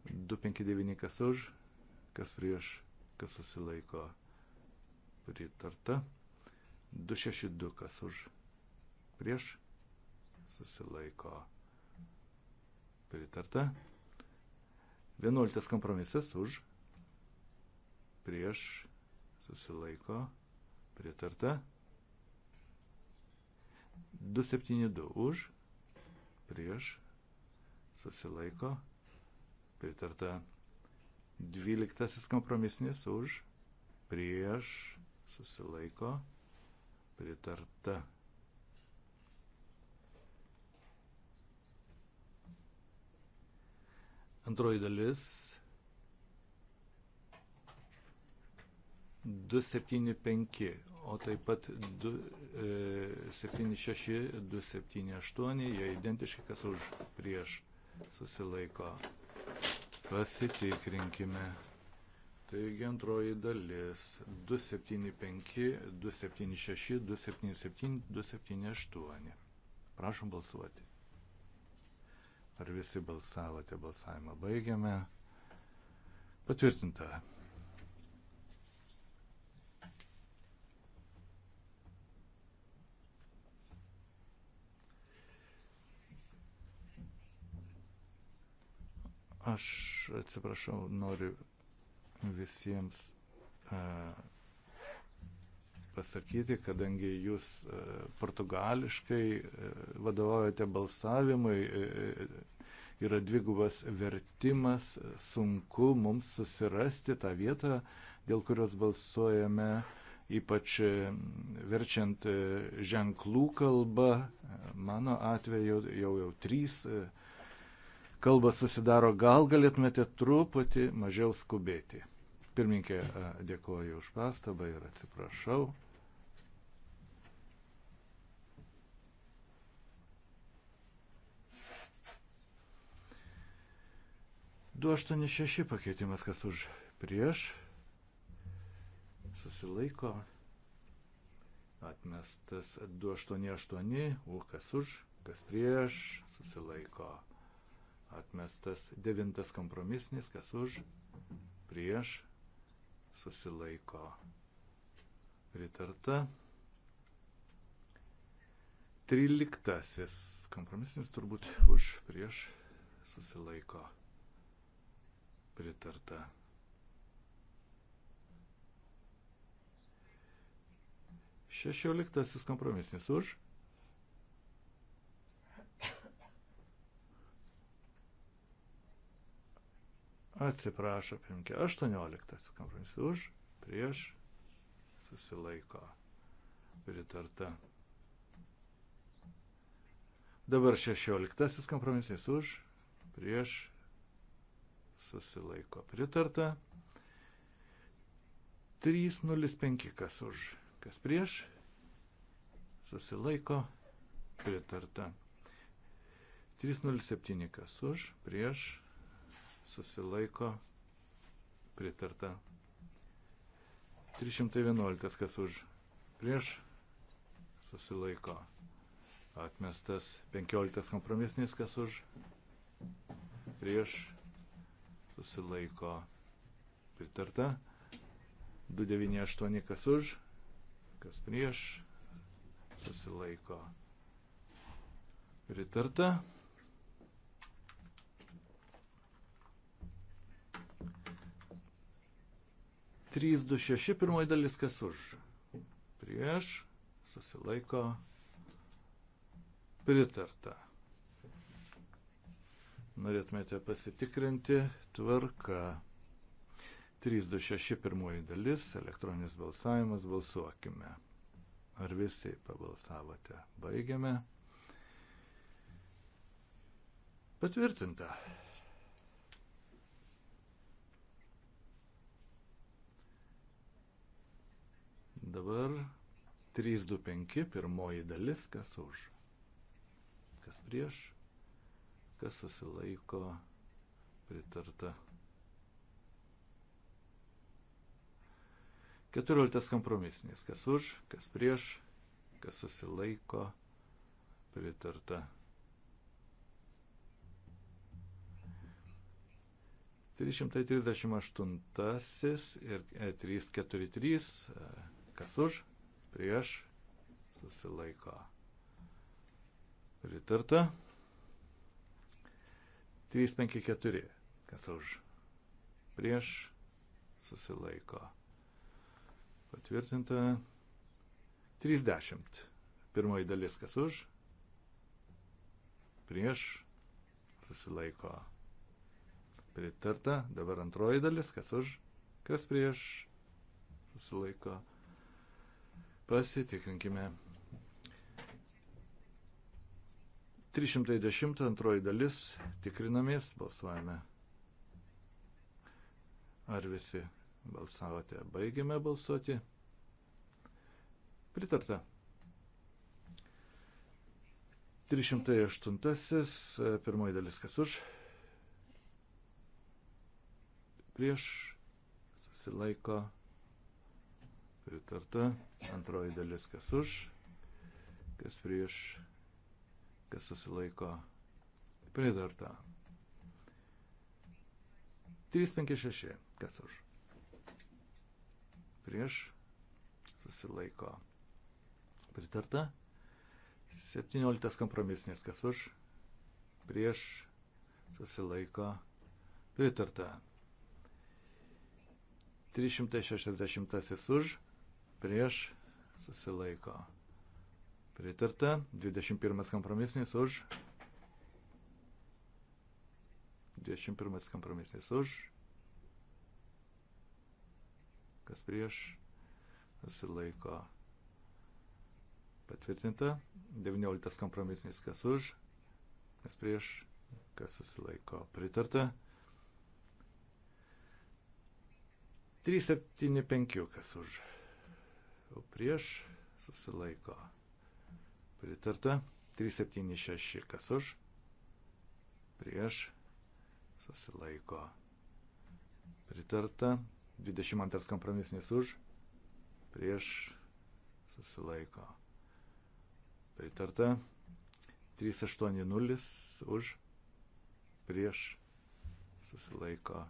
259, kas už, kas prieš, kas susilaiko pritarta. 262 kas už prieš susilaiko pritarta. 11 kompromisas už prieš susilaiko pritarta. 272 už prieš susilaiko pritarta. 12 kompromisinis už prieš susilaiko pritarta pritarta. Antroji dalis 275, o taip pat 276, 278, e, jie identiški, kas už prieš susilaiko. Pasitikrinkime. Taigi antroji dalis 275, 276, 277, 278. Prašom balsuoti. Ar visi balsavote? Balsavimą baigiame. Patvirtinta. Aš atsiprašau, noriu visiems pasakyti, kadangi jūs portugališkai vadovaujate balsavimui, yra dvigubas vertimas, sunku mums susirasti tą vietą, dėl kurios balsuojame, ypač verčiant ženklų kalbą. Mano atveju jau jau trys kalbos susidaro, gal galėtumėte truputį mažiau skubėti. Pirminkė, dėkoju už pastabą ir atsiprašau. Du aštuoni šeši pakeitimas, kas už prieš susilaiko. Atmestas 288, o kas už, kas prieš, susilaiko. Atmestas devintas kompromisnis, kas už, prieš, susilaiko pritarta. Tryliktasis kompromisinis turbūt už prieš susilaiko pritarta. Šešioliktasis kompromisinis už Atsiprašo, pirmkė, 18 kompromisas už, prieš, susilaiko, pritarta. Dabar 16 kompromisas už, prieš, susilaiko, pritarta. 305 kas už, kas prieš, susilaiko, pritarta. 307 kas už, prieš, susilaiko, pritarta. 311, kas už, prieš, susilaiko, atmestas. 15 kompromisinis, kas už, prieš, susilaiko, pritarta. 298, kas už, kas prieš, susilaiko. Pritarta. 326 pirmoji dalis, kas už. Prieš susilaiko pritarta. Norėtumėte pasitikrinti tvarką. 326 pirmoji dalis, elektroninis balsavimas, balsuokime. Ar visi pabalsavote? Baigiame. Patvirtinta. Dabar 325 pirmoji dalis, kas už, kas prieš, kas susilaiko pritarta. 14 kompromisinis, kas už, kas prieš, kas susilaiko pritarta. 338 ir 343 e, Kas už, prieš, susilaiko. Pritarta. 354. Kas už, prieš, susilaiko. Patvirtinta. 30. Pirmoji dalis kas už, prieš, susilaiko. Pritarta. Dabar antroji dalis kas už, kas prieš, susilaiko Pasitikrinkime. 310 antroji dalis tikrinamės, balsuojame. Ar visi balsavote? Baigiame balsuoti. Pritarta. 308. Pirmoji dalis kas už. Prieš susilaiko pritarta. Antroji dalis, kas už, kas prieš, kas susilaiko, pritarta. 356, kas už, prieš, susilaiko, pritarta. 17 kompromisinis, kas už, prieš, susilaiko, pritarta. 360 už, prieš susilaiko. Pritarta. 21 kompromisinis už. 21 kompromisinis už. Kas prieš susilaiko. Patvirtinta. 19 kompromisinis kas už. Kas prieš. Kas susilaiko. Pritarta. 375 kas už prieš susilaiko pritarta. 376 kas už prieš susilaiko pritarta. 22 kompromisnis už prieš susilaiko pritarta. 380 už prieš susilaiko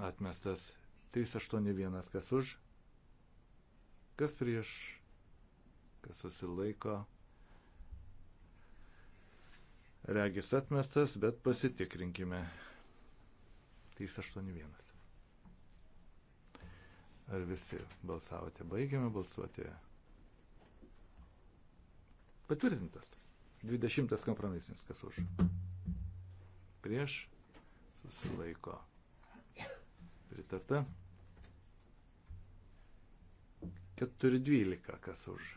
atmestas. 381 kas už Kas prieš? Kas susilaiko? Regis atmestas, bet pasitikrinkime. 381. Ar visi balsavote? Baigėme balsuoti. Patvirtintas. 20 kompromisinis, kas už. Prieš susilaiko. Pritarta. 4.12. Kas už,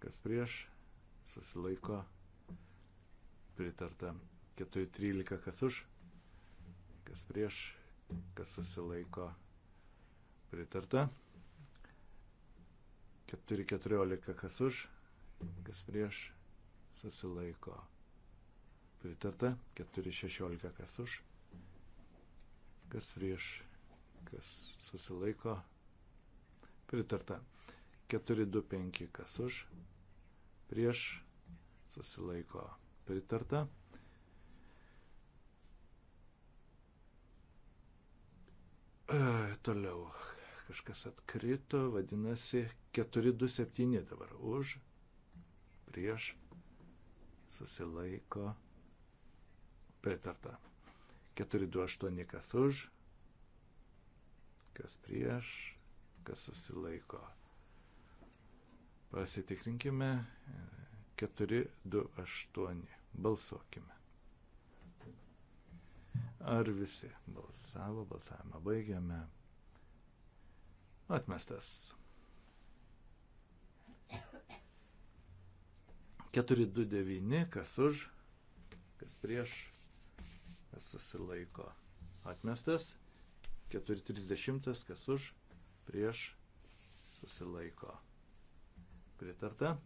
kas prieš, susilaiko pritarta. 4.13. Kas už, kas prieš, kas susilaiko pritarta. 4.14. Kas už, kas prieš, susilaiko pritarta. 4.16. Kas už, kas prieš, kas susilaiko pritarta. 425, kas už, prieš, susilaiko pritarta. E, toliau kažkas atkrito, vadinasi 427 dabar už, prieš, susilaiko pritarta. 428 kas už, kas prieš, kas susilaiko Pasitikrinkime 428. Balsuokime. Ar visi balsavo, balsavimą baigiame. Atmestas. 429, kas už, kas prieš, kas susilaiko. Atmestas. 430, kas už, prieš, susilaiko pritarta.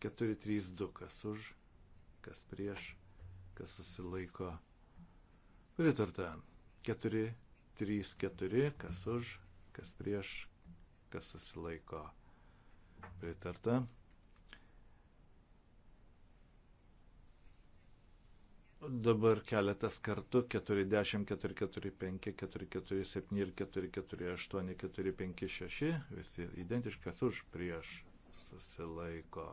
432 kas už, kas prieš, kas susilaiko pritarta. 434 kas už, kas prieš, kas susilaiko pritarta. Dabar keletas kartų 40, 445, 447 ir 448, 456, visi identiškas už prieš susilaiko.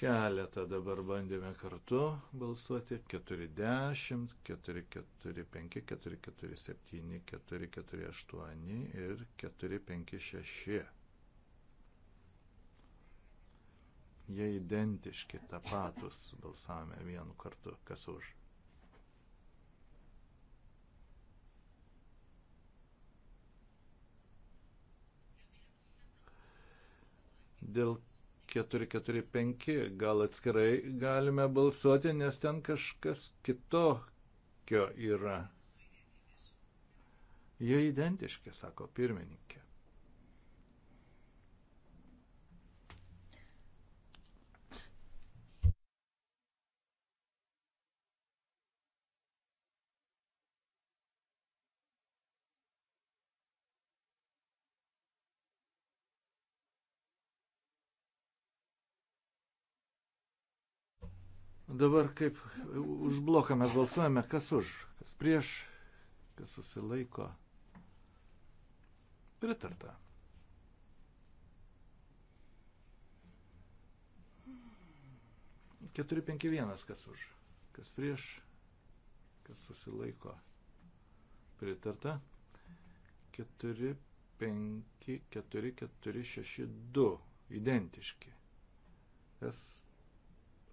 Keletą dabar bandėme kartu balsuoti. 40, 4, 4, 5, 4, 4, 7, 4, 4, 8 ir 4, 5, 6. Jie identiški, tapatus balsavome vienu kartu, kas už dėl 445 gal atskirai galime balsuoti, nes ten kažkas kitokio yra. Jie identiški, sako pirmininkė. Dabar kaip už bloką mes balsuojame, kas už, kas prieš, kas susilaiko. Pritarta. Keturi penki vienas, kas už, kas prieš, kas susilaiko. Pritarta. Keturi penki keturi keturi šeši du. Identiški. Kas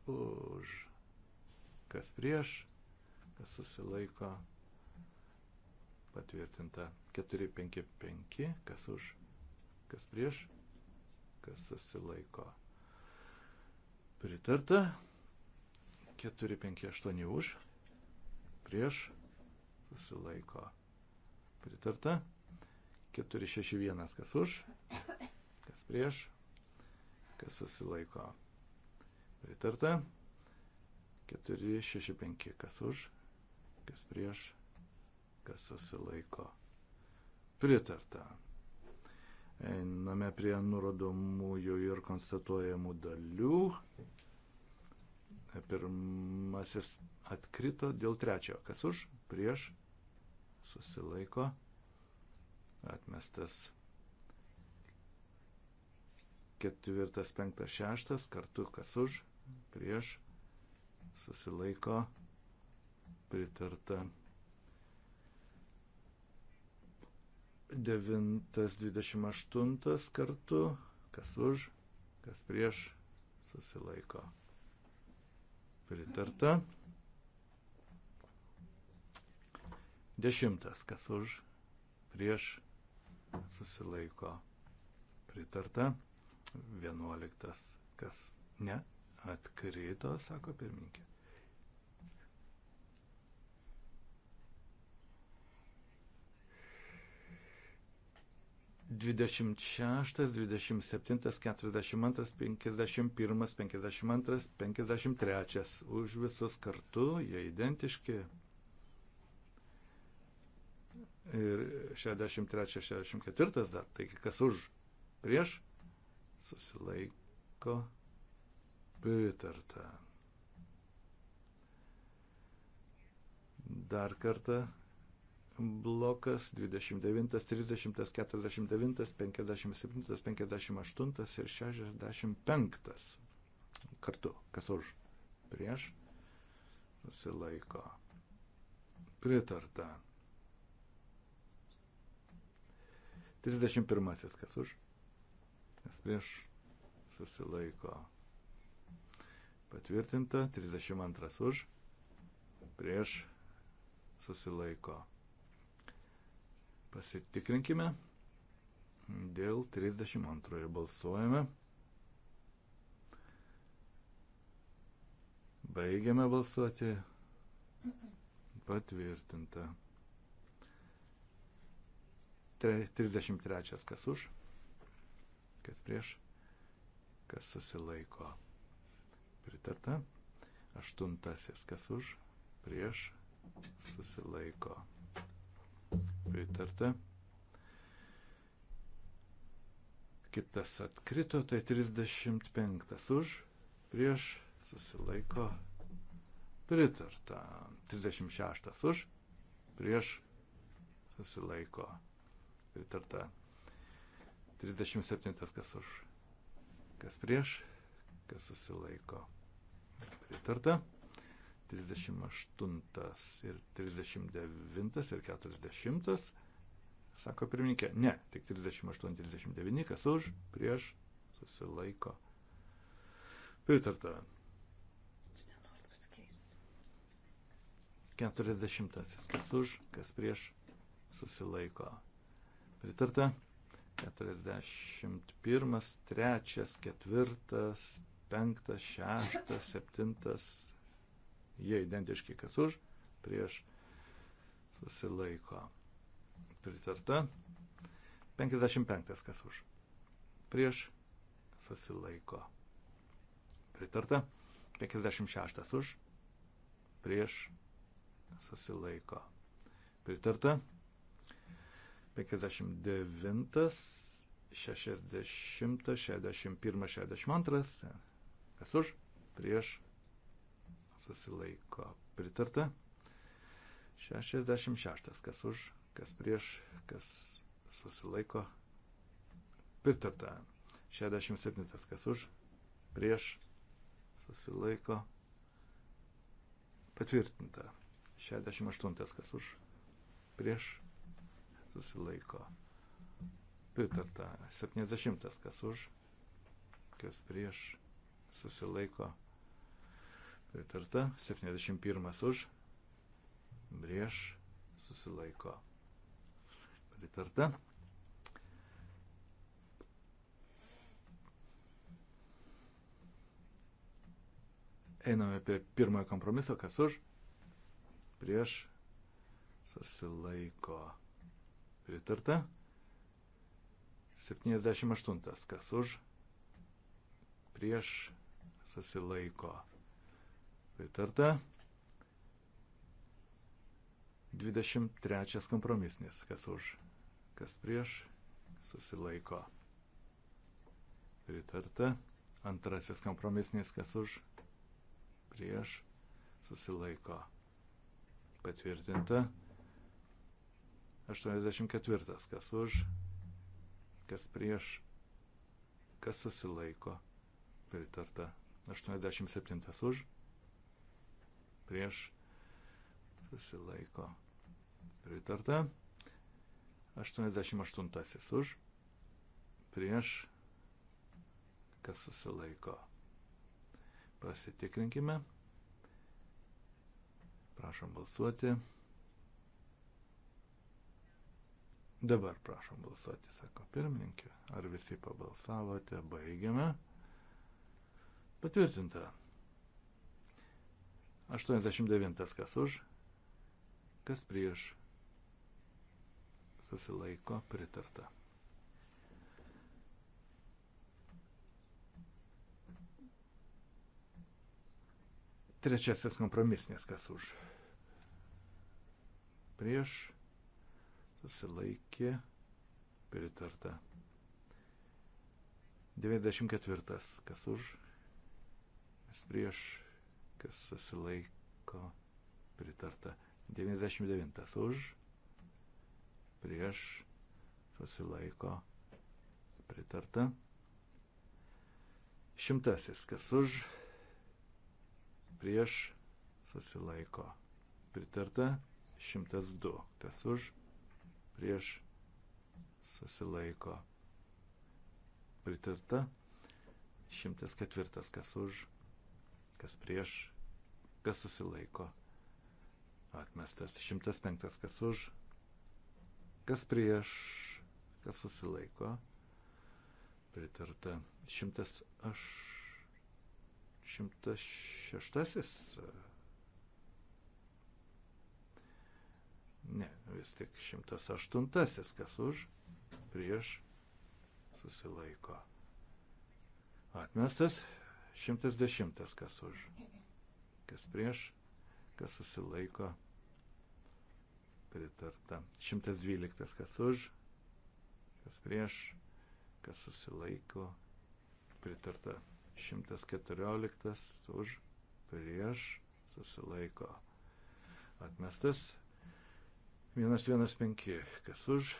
už kas prieš, kas susilaiko patvirtinta 455, kas už, kas prieš, kas susilaiko. Pritarta 458 už, prieš, susilaiko. Pritarta 461, kas už, kas prieš, kas susilaiko. Pritarta 4, 6, 5, kas už, kas prieš, kas susilaiko. Pritarta. Einame prie nurodomųjų ir konstatuojamų dalių. Pirmasis atkrito dėl trečio. Kas už, prieš, susilaiko, atmestas ketvirtas, penktas, šeštas, kartu kas už, prieš, susilaiko pritarta. 9.28 kartu, kas už, kas prieš, susilaiko pritarta. 10. kas už, prieš, susilaiko pritarta. 11. kas ne, atkrito, sako pirmininkė. Dvidešimt šeštas, dvidešimt septintas, keturiasdešimt antras, penkiasdešimt pirmas, penkiasdešimt antras, penkiasdešimt trečias. Už visus kartu jie identiški. Ir šešdešimt trečias, šešdešimt ketvirtas dar. Taigi kas už, prieš, susilaiko pritarta. Dar kartą blokas 29, 30, 49, 57, 58 ir 65. Kartu, kas už, prieš, susilaiko. Pritarta. 31. Kas už, kas prieš, susilaiko Patvirtinta. 32 už. Prieš susilaiko. Pasitikrinkime. Dėl 32 balsuojame. Baigiame balsuoti. Patvirtinta. 33 kas už, kas prieš, kas susilaiko pritarta. Aštuntasis, kas už, prieš, susilaiko, pritarta. Kitas atkrito, tai 35 už, prieš, susilaiko, pritarta. 36 už, prieš, susilaiko, pritarta. 37 kas už, kas prieš, kas susilaiko. Pritarta. 38 ir 39 ir 40. Sako pirmininkė, ne, tik 38, 39, kas už, prieš, susilaiko. Pritarta. 40, kas už, kas prieš, susilaiko. Pritarta. 41, 3, 4, penktas, šeštas, septintas, jie identiški, kas už, prieš susilaiko. Pritarta. 55, kas už, prieš susilaiko. Pritarta. 56 už, prieš susilaiko. Pritarta. 59, 60, 61, 62 Kas už? Prieš susilaiko pritarta. 66. Kas už? Kas prieš? Kas susilaiko pritarta. 67. Kas už? Prieš susilaiko patvirtinta. 68. Kas už? Prieš susilaiko pritarta. 70. Kas už? Kas prieš? susilaiko pritarta, 71 už, prieš susilaiko pritarta. Einame apie pirmojo kompromiso, kas už, prieš susilaiko pritarta. 78 kas už, prieš susilaiko. Pritarta. 23 kompromisnis, kas už, kas prieš, susilaiko. Pritarta. Antrasis kompromisnis, kas už, prieš, susilaiko. Patvirtinta. 84, kas už, kas prieš, kas susilaiko. Pritarta. 87 už, prieš susilaiko pritarta. 88 už, prieš kas susilaiko. Pasitikrinkime. Prašom balsuoti. Dabar prašom balsuoti, sako pirmininkė. Ar visi pabalsavote? Baigiame. Patvirtinta. 89. Kas už, kas prieš. Susilaiko pritarta. Trečiasis kompromisnis kas už. Prieš susilaikė pritarta. 94. Kas už, kas prieš, kas susilaiko, pritarta. 99 už, prieš, susilaiko, pritarta. Šimtasis, kas už, prieš, susilaiko, pritarta. Šimtas du, kas už, prieš, susilaiko, pritarta. Šimtas ketvirtas, kas už, prieš kas prieš, kas susilaiko. Atmestas 105, kas už, kas prieš, kas susilaiko. Pritarta 106. 106. Ne, vis tik 108, kas už, prieš, susilaiko. Atmestas 110 kas už, kas prieš, kas susilaiko, pritarta. 112 kas už, kas prieš, kas susilaiko, pritarta. 114 už, prieš, susilaiko, atmestas. 115 kas už,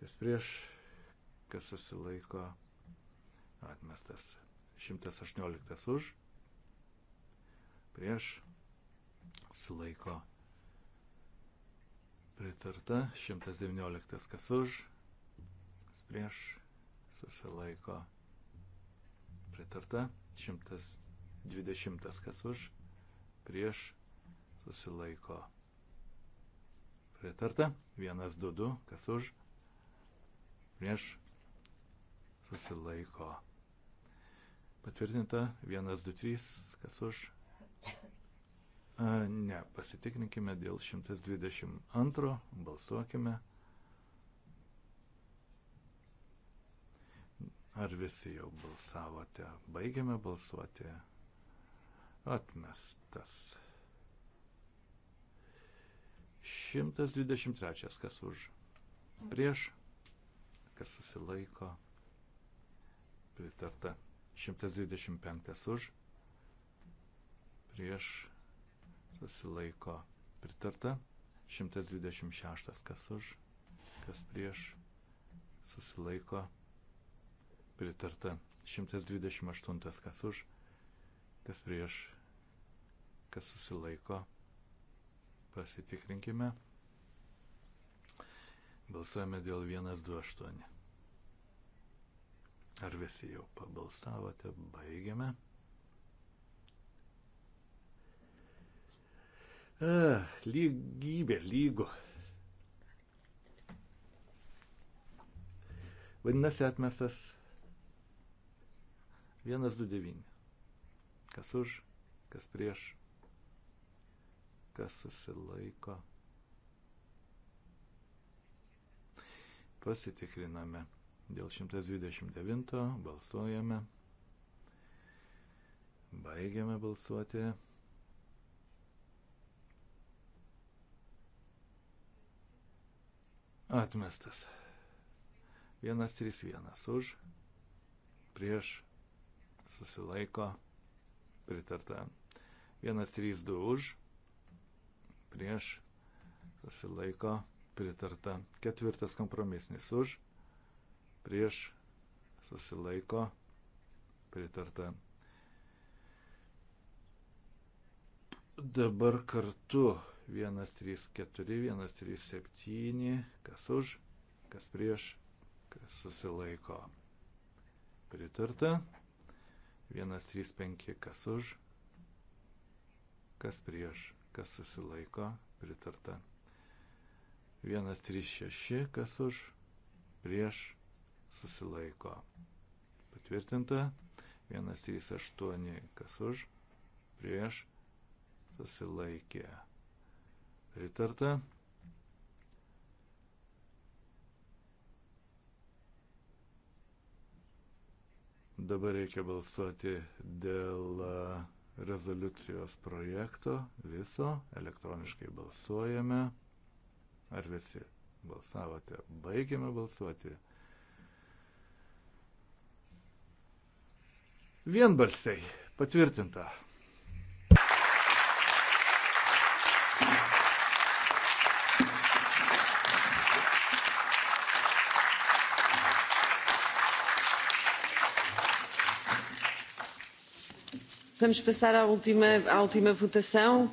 kas prieš, kas susilaiko, atmestas. 118 už, prieš, silaiko pritarta, 119 kas už, prieš, susilaiko pritarta, 120 kas už, prieš, susilaiko pritarta, 122 kas už, prieš, susilaiko pritarta Patvirtinta. 1, 2, 3. Kas už? A, ne, pasitikrinkime dėl 122. Balsuokime. Ar visi jau balsavote? Baigiame balsuoti. Atmestas. 123. Kas už? Prieš? Kas susilaiko? Pritarta. 125 už, prieš susilaiko pritarta, 126 kas už, kas prieš susilaiko pritarta, 128 kas už, kas prieš, kas susilaiko, pasitikrinkime. Balsuojame dėl 128. Ar visi jau pabalsavote? Baigiame. E, lygybė, lygo. Vadinasi, atmestas 129. Kas už, kas prieš, kas susilaiko. Pasitikriname. Dėl 129 balsuojame. Baigiame balsuoti. Atmestas. 131 už, prieš, susilaiko, pritarta. 132 už, prieš, susilaiko, pritarta. Ketvirtas kompromisnis už, prieš susilaiko pritarta. Dabar kartu 134, 137, kas už, kas prieš, kas susilaiko. Pritarta. 135, kas už, kas prieš, kas susilaiko, pritarta. 136, kas už, prieš, susilaiko. Patvirtinta. 138 kas už, prieš, susilaikė. Pritarta. Dabar reikia balsuoti dėl rezoliucijos projekto viso. Elektroniškai balsuojame. Ar visi balsavote? Baigiame balsuoti. Vienbalsiai patvirtinta. Vamos passar à última, à última votação.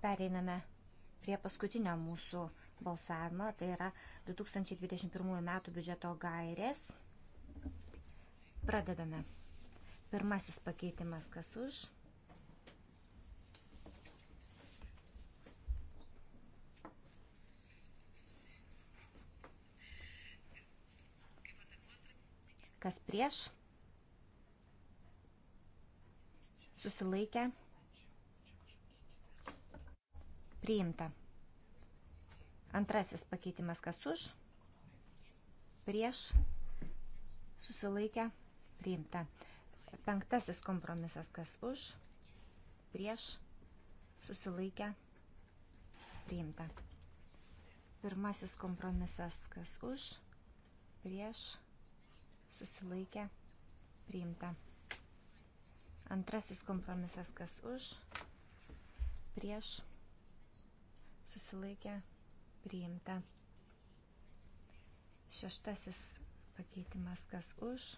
Pereiname prie paskutinio mūsų balsavimo, tai yra 2021 m. biudžeto gairės. Pradedame. Pirmasis pakeitimas kas už. Kas prieš? Susilaikę. Priimta. Antrasis pakeitimas kas už. Prieš. Susilaikę. Priimta. Penktasis kompromisas, kas už, prieš, susilaikę, priimta. Pirmasis kompromisas, kas už, prieš, susilaikę, priimta. Antrasis kompromisas, kas už, prieš, susilaikę, priimta. Šeštasis pakeitimas, kas už,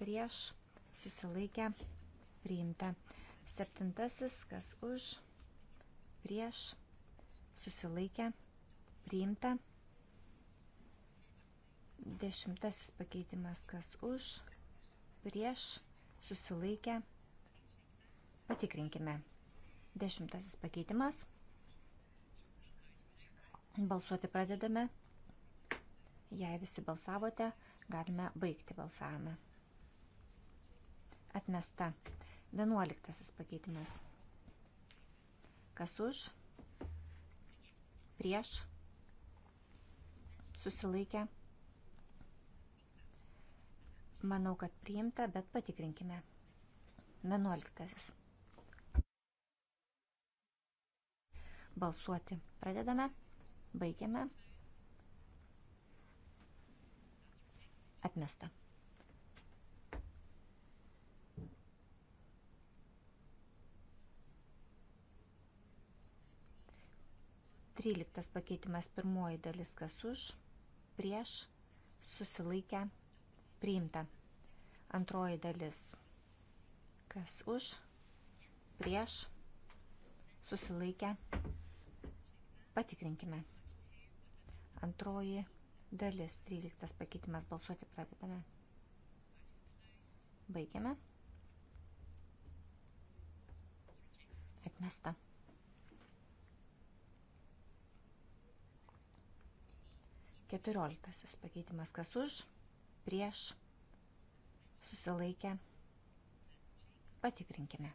prieš, susilaikę, priimta susilaikę, priimta. Septintasis, kas už, prieš, susilaikę, priimta. Dešimtasis pakeitimas, kas už, prieš, susilaikę, patikrinkime. Dešimtasis pakeitimas. Balsuoti pradedame. Jei visi balsavote, galime baigti balsavimą. Atmesta. Vienuoliktasis pakeitimas. Kas už? Prieš? Susilaikę? Manau, kad priimta, bet patikrinkime. Vienuoliktasis. Balsuoti. Pradedame. Baigiame. Atmesta. 13 pakeitimas pirmoji dalis kas už, prieš, susilaikę, priimta. Antroji dalis kas už, prieš, susilaikę, patikrinkime. Antroji dalis 13 pakeitimas balsuoti pradedame. Baigiame. Atmesta. Keturioliktasis pakeitimas kas už, prieš, susilaikę. Patikrinkime.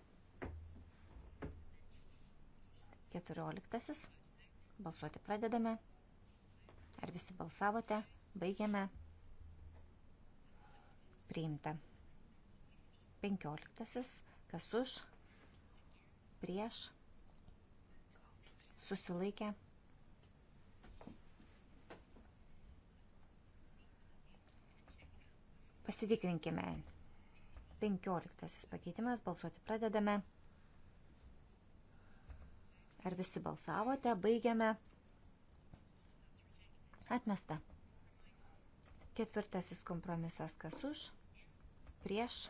Keturioliktasis. Balsuoti pradedame. Ar visi balsavote? Baigiame. Priimta. Penkioliktasis. Kas už, prieš, susilaikę. Pasitikrinkime. 15 pakeitimas, balsuoti pradedame. Ar visi balsavote? Baigiame. Atmesta. Ketvirtasis kompromisas, kas už, prieš,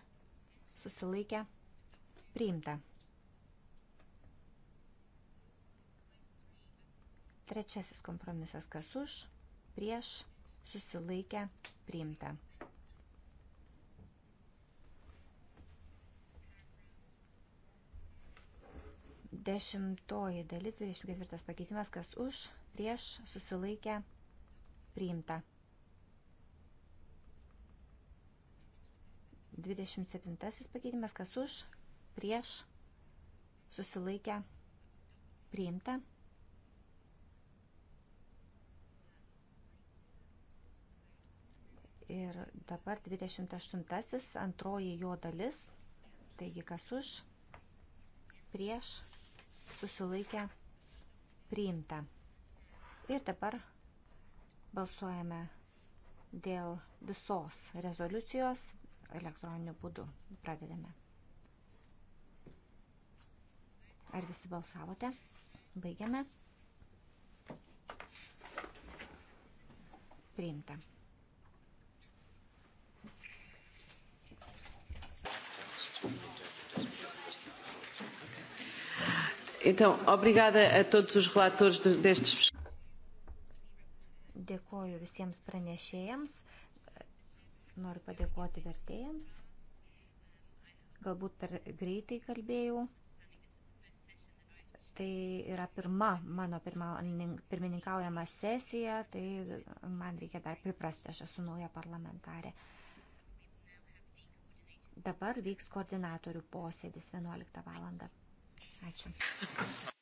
susilaikę, priimta. Trečiasis kompromisas, kas už, prieš, susilaikę, priimta. Dešimtoji dalis, 24 pakeitimas, kas už, prieš, susilaikę, priimta. 27 pakeitimas, kas už, prieš, susilaikę, priimta. Ir dabar 28 antroji jo dalis, taigi kas už, prieš, susilaikę susilaikę priimta. Ir dabar balsuojame dėl visos rezoliucijos elektroniniu būdu. Pradedame. Ar visi balsavote? Baigiame. Priimta. Então, obrigada a todos os relatores destes. Dėkoju visiems pranešėjams. Noriu padėkoti vertėjams. Galbūt per greitai kalbėjau. Tai yra pirma mano pirma, pirmininkaujama sesija, tai man reikia dar priprasti, aš esu nauja parlamentarė. Dabar vyks koordinatorių posėdis 11 valandą. Ačiū.